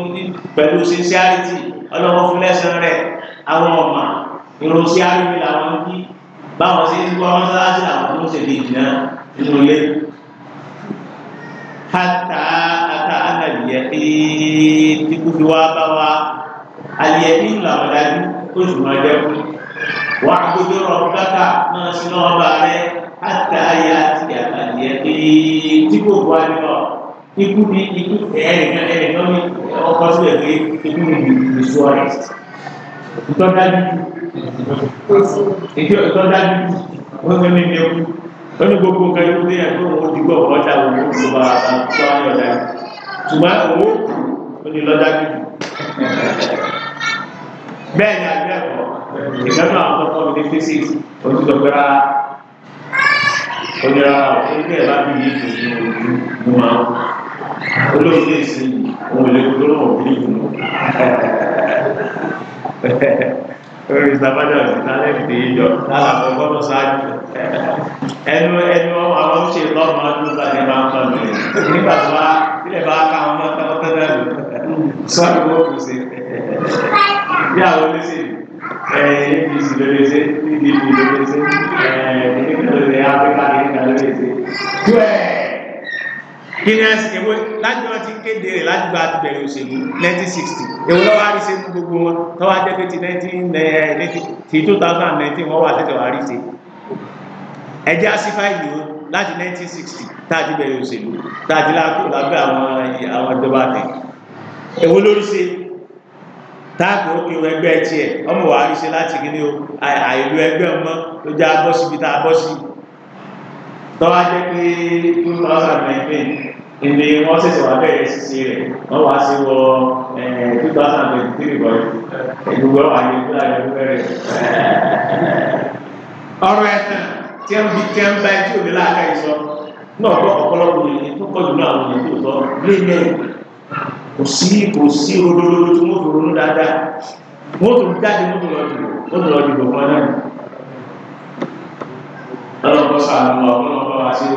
pẹ̀lú sincerity ọlọ́run fún lẹ́sìn rẹ̀ àwọn ọmọ irun sí àríwí làwọn ń kí báwọn sí ń gbọ́ wọn sáláṣí àwọn tó ń ṣèlè jìnnà nínú ilé hátà àtà ànàbìyẹ tí kò fi wá bá wa àlìyẹ̀bí làwọn dájú kó sì máa jẹ́ kú. wà á gbójú rọ̀ bàtà náà sí náà bá rẹ̀ àtà ayé àti àlìyẹ̀bí tí kò bu àdìbọ̀ ikú ni ikú ẹ̀ẹ́dẹ̀kan ẹ̀ẹ́dẹ̀kan ní ọkọ̀ sílẹ̀ pé ikú ni ìṣúọ́rẹ́sì ìtọ́jájú ètò ìtọ́jájú wọ́n fẹ́ mi ní ẹkú wọ́n ní gbogbo nǹkan yóò dé ẹ̀kọ́ òun òdìgbò ọ̀dà òun òun ló bá ara tó wáyé ọ̀dà yìí ṣùgbọ́n òun ó ní lọ́dájú bẹ́ẹ̀ ni àgbẹ̀ ẹ̀kọ́ ìgbẹ́nu àwọn tọ́kọ́ mi ní physics ojútọ̀ pé rárá onira ẹgbẹ́ ẹ̀ bá bí mi kò sí ojú mo máa ń olóògbé sí ohun èlò tó lọ́wọ́ bí ìlú mọ́ orí ìsàbájọ́ ìsìnkálẹ̀ ìdè ìjọ lálàbọ̀ gbọ́dọ̀ ṣáájú ẹnu ẹnu àwọn oṣù ìtọ́nù adúgbà ní máa ń tọ́ mi nígbà tó bá ilẹ̀ bá ká wọn bí àwọn olóṣèlú apc lóde ṣe pdp lóde ṣe ẹ̀ẹ́dẹ́gbẹ̀rún lóde áfíríkà nìkan lóde ṣe tó ẹ̀ kí ni ẹ̀sìn èwo láti wọn ti kéde rẹ̀ láti gba àtìbẹ̀rẹ̀ òṣèlú 1960 èwo lọ́wọ́ àríṣe fún gbogbo wọn tọ́wọ́ ajẹ́ pé ti 2019 wọ́n wà tẹ́tẹ̀ wà àríṣe ẹjẹ́ àṣífáìlì wọn láti 1960 táàdì bẹ̀rẹ̀ òṣèlú táàdì lágbó lábẹ́ àwọn ìjọba tẹ̀ èwo lórí ṣe táàpì òkè ẹgbẹ́ tiẹ̀ ọmọ wàá rí ṣe láti kíní o àìlú ẹgbẹ́ ọmọ ló já bọ́ síbi tá a bọ́ sí tọ́wá jẹ́ pé two thousand nineteen ìní wọ́n ṣẹ̀ṣẹ̀ wá bẹ̀rẹ̀ ṣíṣe rẹ̀ wọ́n wá sí wọ two thousand twenty three bọ́ọ̀lù ìgbùgbọ́ àyẹ̀wò àyẹ̀wò bẹ̀rẹ̀ ọ̀rọ̀ ẹ̀sìn tí ń bi tí ń bá ẹjú òmìnira àkàyè sọ náà gbọ́ ọ̀pọ̀lọpọ̀ èyí tó kọ́ jùlọ àwọn èyí tó tọ́ lé mẹ́rin kò sí kò sí olólórí tí wọ́n tó ronú dáadáa wọ́n tó jáde wọ́n tó lọ dìbò wọ́n tó lọ dìbò fún ẹ náà lọ́lọ́kọ́ sàánú ọ̀pọ̀lọpọ̀ wá sí o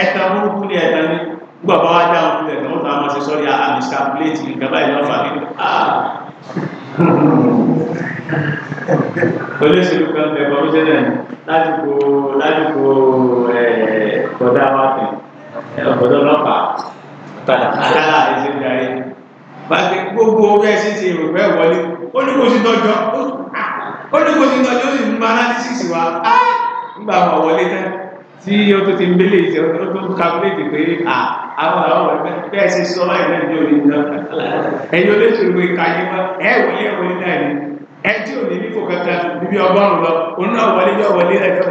ẹ̀ka burúkú ni ẹ̀ka ní gbọ̀bọ̀ wá dáhùn fún ẹ̀ka wọ́n tó àwọn ṣe sọ́rí àmìsíkà pléètì nǹkan báyìí lọ́fà nínú ah! olóṣèlú kan bẹ̀ kọ́míṣẹ́nà ládùúgbò ládùúgbò ẹ̀ẹ́dọ̀dá wa tẹ̀ ọ̀dọ́ ọlọ́pàá tọ́lá àtàlà ẹ̀sìn ìdarí bàtẹ gbogbo ọgbẹ́ ẹ̀sìn ti rò bẹ́ẹ̀ wọlé ó ní kò sí tọ́jọ́ ó ní kò sí tọ́jọ́ ó sì ń ba analysis wa nígbà wà wọlé tán tí ó tó ti ń bélé ìṣe ó tó ń calculate pé àwọn àwọn ọ̀rẹ́ bẹ́ẹ̀ ṣe sọ láì náà ní òní náà ẹ̀yin olóṣèlú ìkàyé wa ẹ̀ wọlé ẹ̀ wọlé náà ni ẹ̀ tí ò ní ní kò kankan bíbí ọgọ́rùn-ún lọ òun náà wọlé bí ọwọlé rẹ̀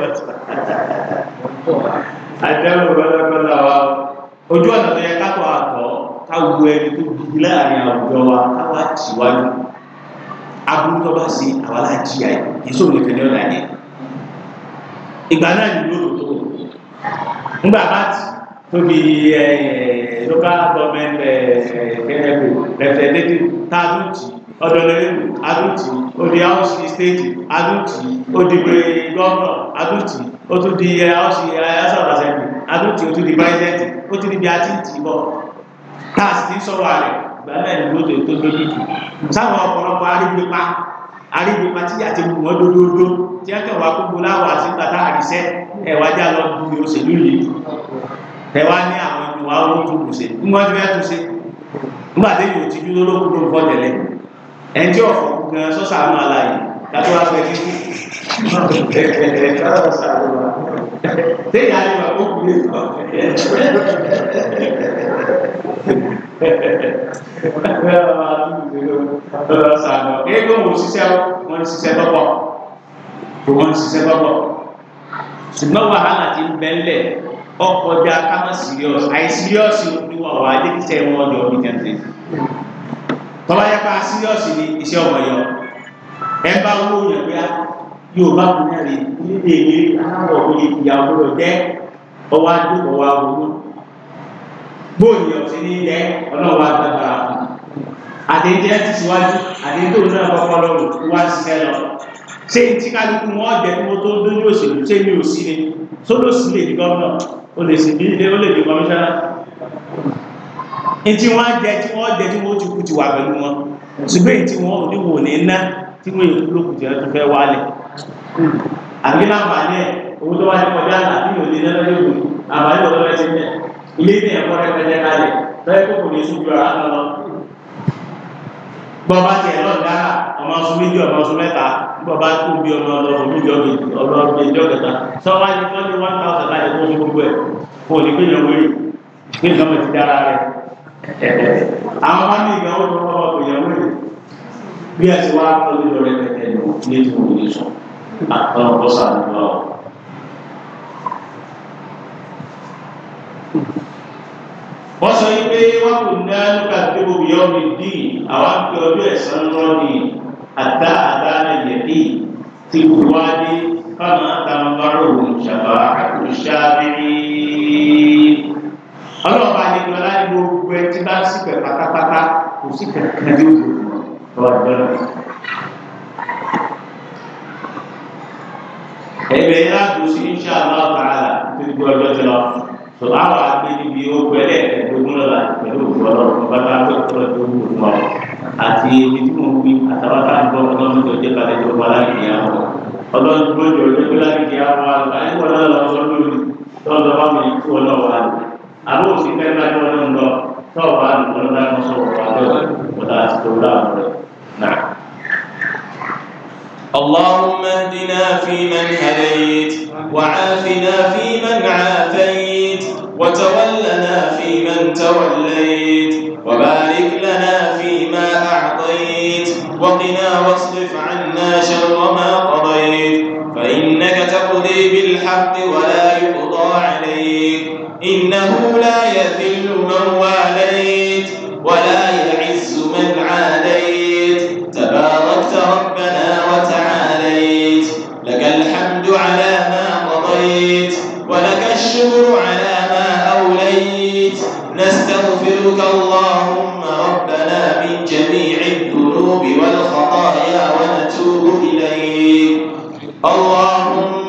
ojú ọ̀nà tó yẹ kápọ̀ àtọ̀ káwo ẹni tó gbogbo láàrin àwùjọ wa káwa tìwájú aburú tó bá ṣe àwa láti àyè yéṣu òun ní ọ̀nà yẹn ìgbà náà ni lóòrò tó ńgbà bá ti tóbi eh, local government eh, eh, representative tá a tún ọ̀dọ̀lẹ́lẹ́ adútì odi áwùsì stéètì adútì odigbe gọ́ọ̀nà adútì ó tún di áwùsì ayásọ̀rọ̀ àṣẹ́bì adútì ó tún di pírẹ́sẹ̀ntì ó tún di bí a ti ń tì bọ̀ táàsì ti sọ̀rọ̀ àrẹ̀ ìgbà náà ni ló tó lójú jù sáwọn ọ̀pọ̀lọpọ̀ arígbépa arígbépa tí àti wọ́n dódódó tí a kẹwàá gbogbo láwọ̀ àti bàtà àríṣẹ́ ẹ̀wà já lọ bu òṣèlú yìí ẹ̀wà ní àwọn ìwà owó tó kù ṣe ń wọ́n ti fẹ́ tó ṣe nígbà tí yóò ti dúró lókùn tó ń fọ́ tẹ̀lé ẹnjẹ ọfọ gan sọsà máa la yìí kátó wá fẹ kíkú téèyàn àyè wà ó kú yìí kọ ego wọn ṣiṣẹ́ wọn ṣiṣẹ́ tọpọ wọn ṣiṣẹ́ tọpọ ṣùgbọ́n wàhálà ti ń bẹ ńlẹ̀ ọkọjà kámá sírìọsì àìsírìọsì ni wọn wà á dé kíṣẹ wọn ọjọ́ bí jẹun tọ́ba yẹ pa síríọ̀sì ni iṣẹ́ ọmọ yọ ẹ bá wó yẹ pé yóò bá kú náà rí nílé ilé aláwọ̀ òye ìyá ọgbọ́dọ̀ jẹ́ ọwọ́ adúgbò wa wọnú bóyá ọ̀sẹ̀ ní ilẹ̀ ọlọ́wọ́ agbára àdéjẹ́ ti síwájú àdéjọ́ náà kọ́kọ́ lọ́rùn wá síṣẹ́ lọ ṣé tí kálukú wọn jẹ kí wọn tó dójú òṣèlú ṣé mi ò sí ni tó lọ di gómìnà ó lè sì bí lè di kọmíṣánná tí wọ́n jẹ tí wọ́n jẹ tí wọ́n ti kú ti wà pẹ̀lú wọn ṣùgbọ́n èyí tí wọ́n ò ní wò ní ná tí wọ́n èkú ló kù jẹ́ tó fẹ́ wálẹ̀ àbí láǹfààní ẹ̀ owó tó wá ní kọjá àbí yóò lé lọ́dọ̀ yóò àbáyé ọ̀dọ́ rẹ̀ ti ń bẹ̀ ilé ní ẹ̀kọ́ rẹpẹtẹ kalẹ̀ tọ́yẹ kó bí ọmọ ọlọ́run méjì ọlọ́run méjì ọ̀gẹ̀ta sọ́wọ́n ní ní one thousand láti kó fún gbogbo ẹ̀ kò ní pé yọ̀ wẹ́rẹ́ pé ìjọba ti dára rẹ̀ àwọn bá ní ìgbà wọn lọ́wọ́ ìyàwó yìí bí a ti wá tọ́jú lọ rẹpẹtẹ nù ní tí wọn yìí sọ àtọ́nà tó sàdúrà ọ. wọ́n sọ yìí pé wọ́n kò ní ẹnìkan tí mo bí ọmọ ìdí àwọn àti ọdún ẹ̀sán lọ́ọ́ ni àtà àtà ẹ̀yẹ̀dì ti wù wá dé fáwọn àtàwọn bá rò wọ́n ìṣàbà àti ìṣàbẹ̀rẹ̀ ọlọ́ọ̀bá nìkan láti gbogbo ẹ tí bá sì pẹ̀ pátápátá kò sí kankan ní òkú ọ̀dọ́ ẹ̀bẹ̀ yẹn láti ṣe iṣẹ́ aláàbà àlà tó ti gbọ́ ọjọ́ ti lọ tó àwọn àgbẹ̀ níbi ó pẹ́lẹ́ ẹ̀ẹ́dógún lọ́la pẹ̀lú òkú ọlọ́run bàbá àgbẹ̀kọ́ tó ń wò fún ọ àti ibi tí mo ń gbé àtàwátà ń bọ́ ọlọ́run tó jẹ́ balẹ̀ tó wọlá ìyá wọn ọlọ́run tó jẹ́ balẹ̀ ìyá wọn àgbà àbó òsì pẹ́ bá tó ló ń lọ tọ́ọ̀ bá lùkọ́ نعم اللهم اهدنا فيمن هديت وعافنا فيمن عافيت وتولنا فيمن توليت وبارك لنا فيما أعطيت وقنا واصرف عنا شر ما قضيت فإنك تقضي بالحق ولا يقضى عليك إنه اللهم ربنا من جميع الذنوب والخطايا ونتوب إليك اللهم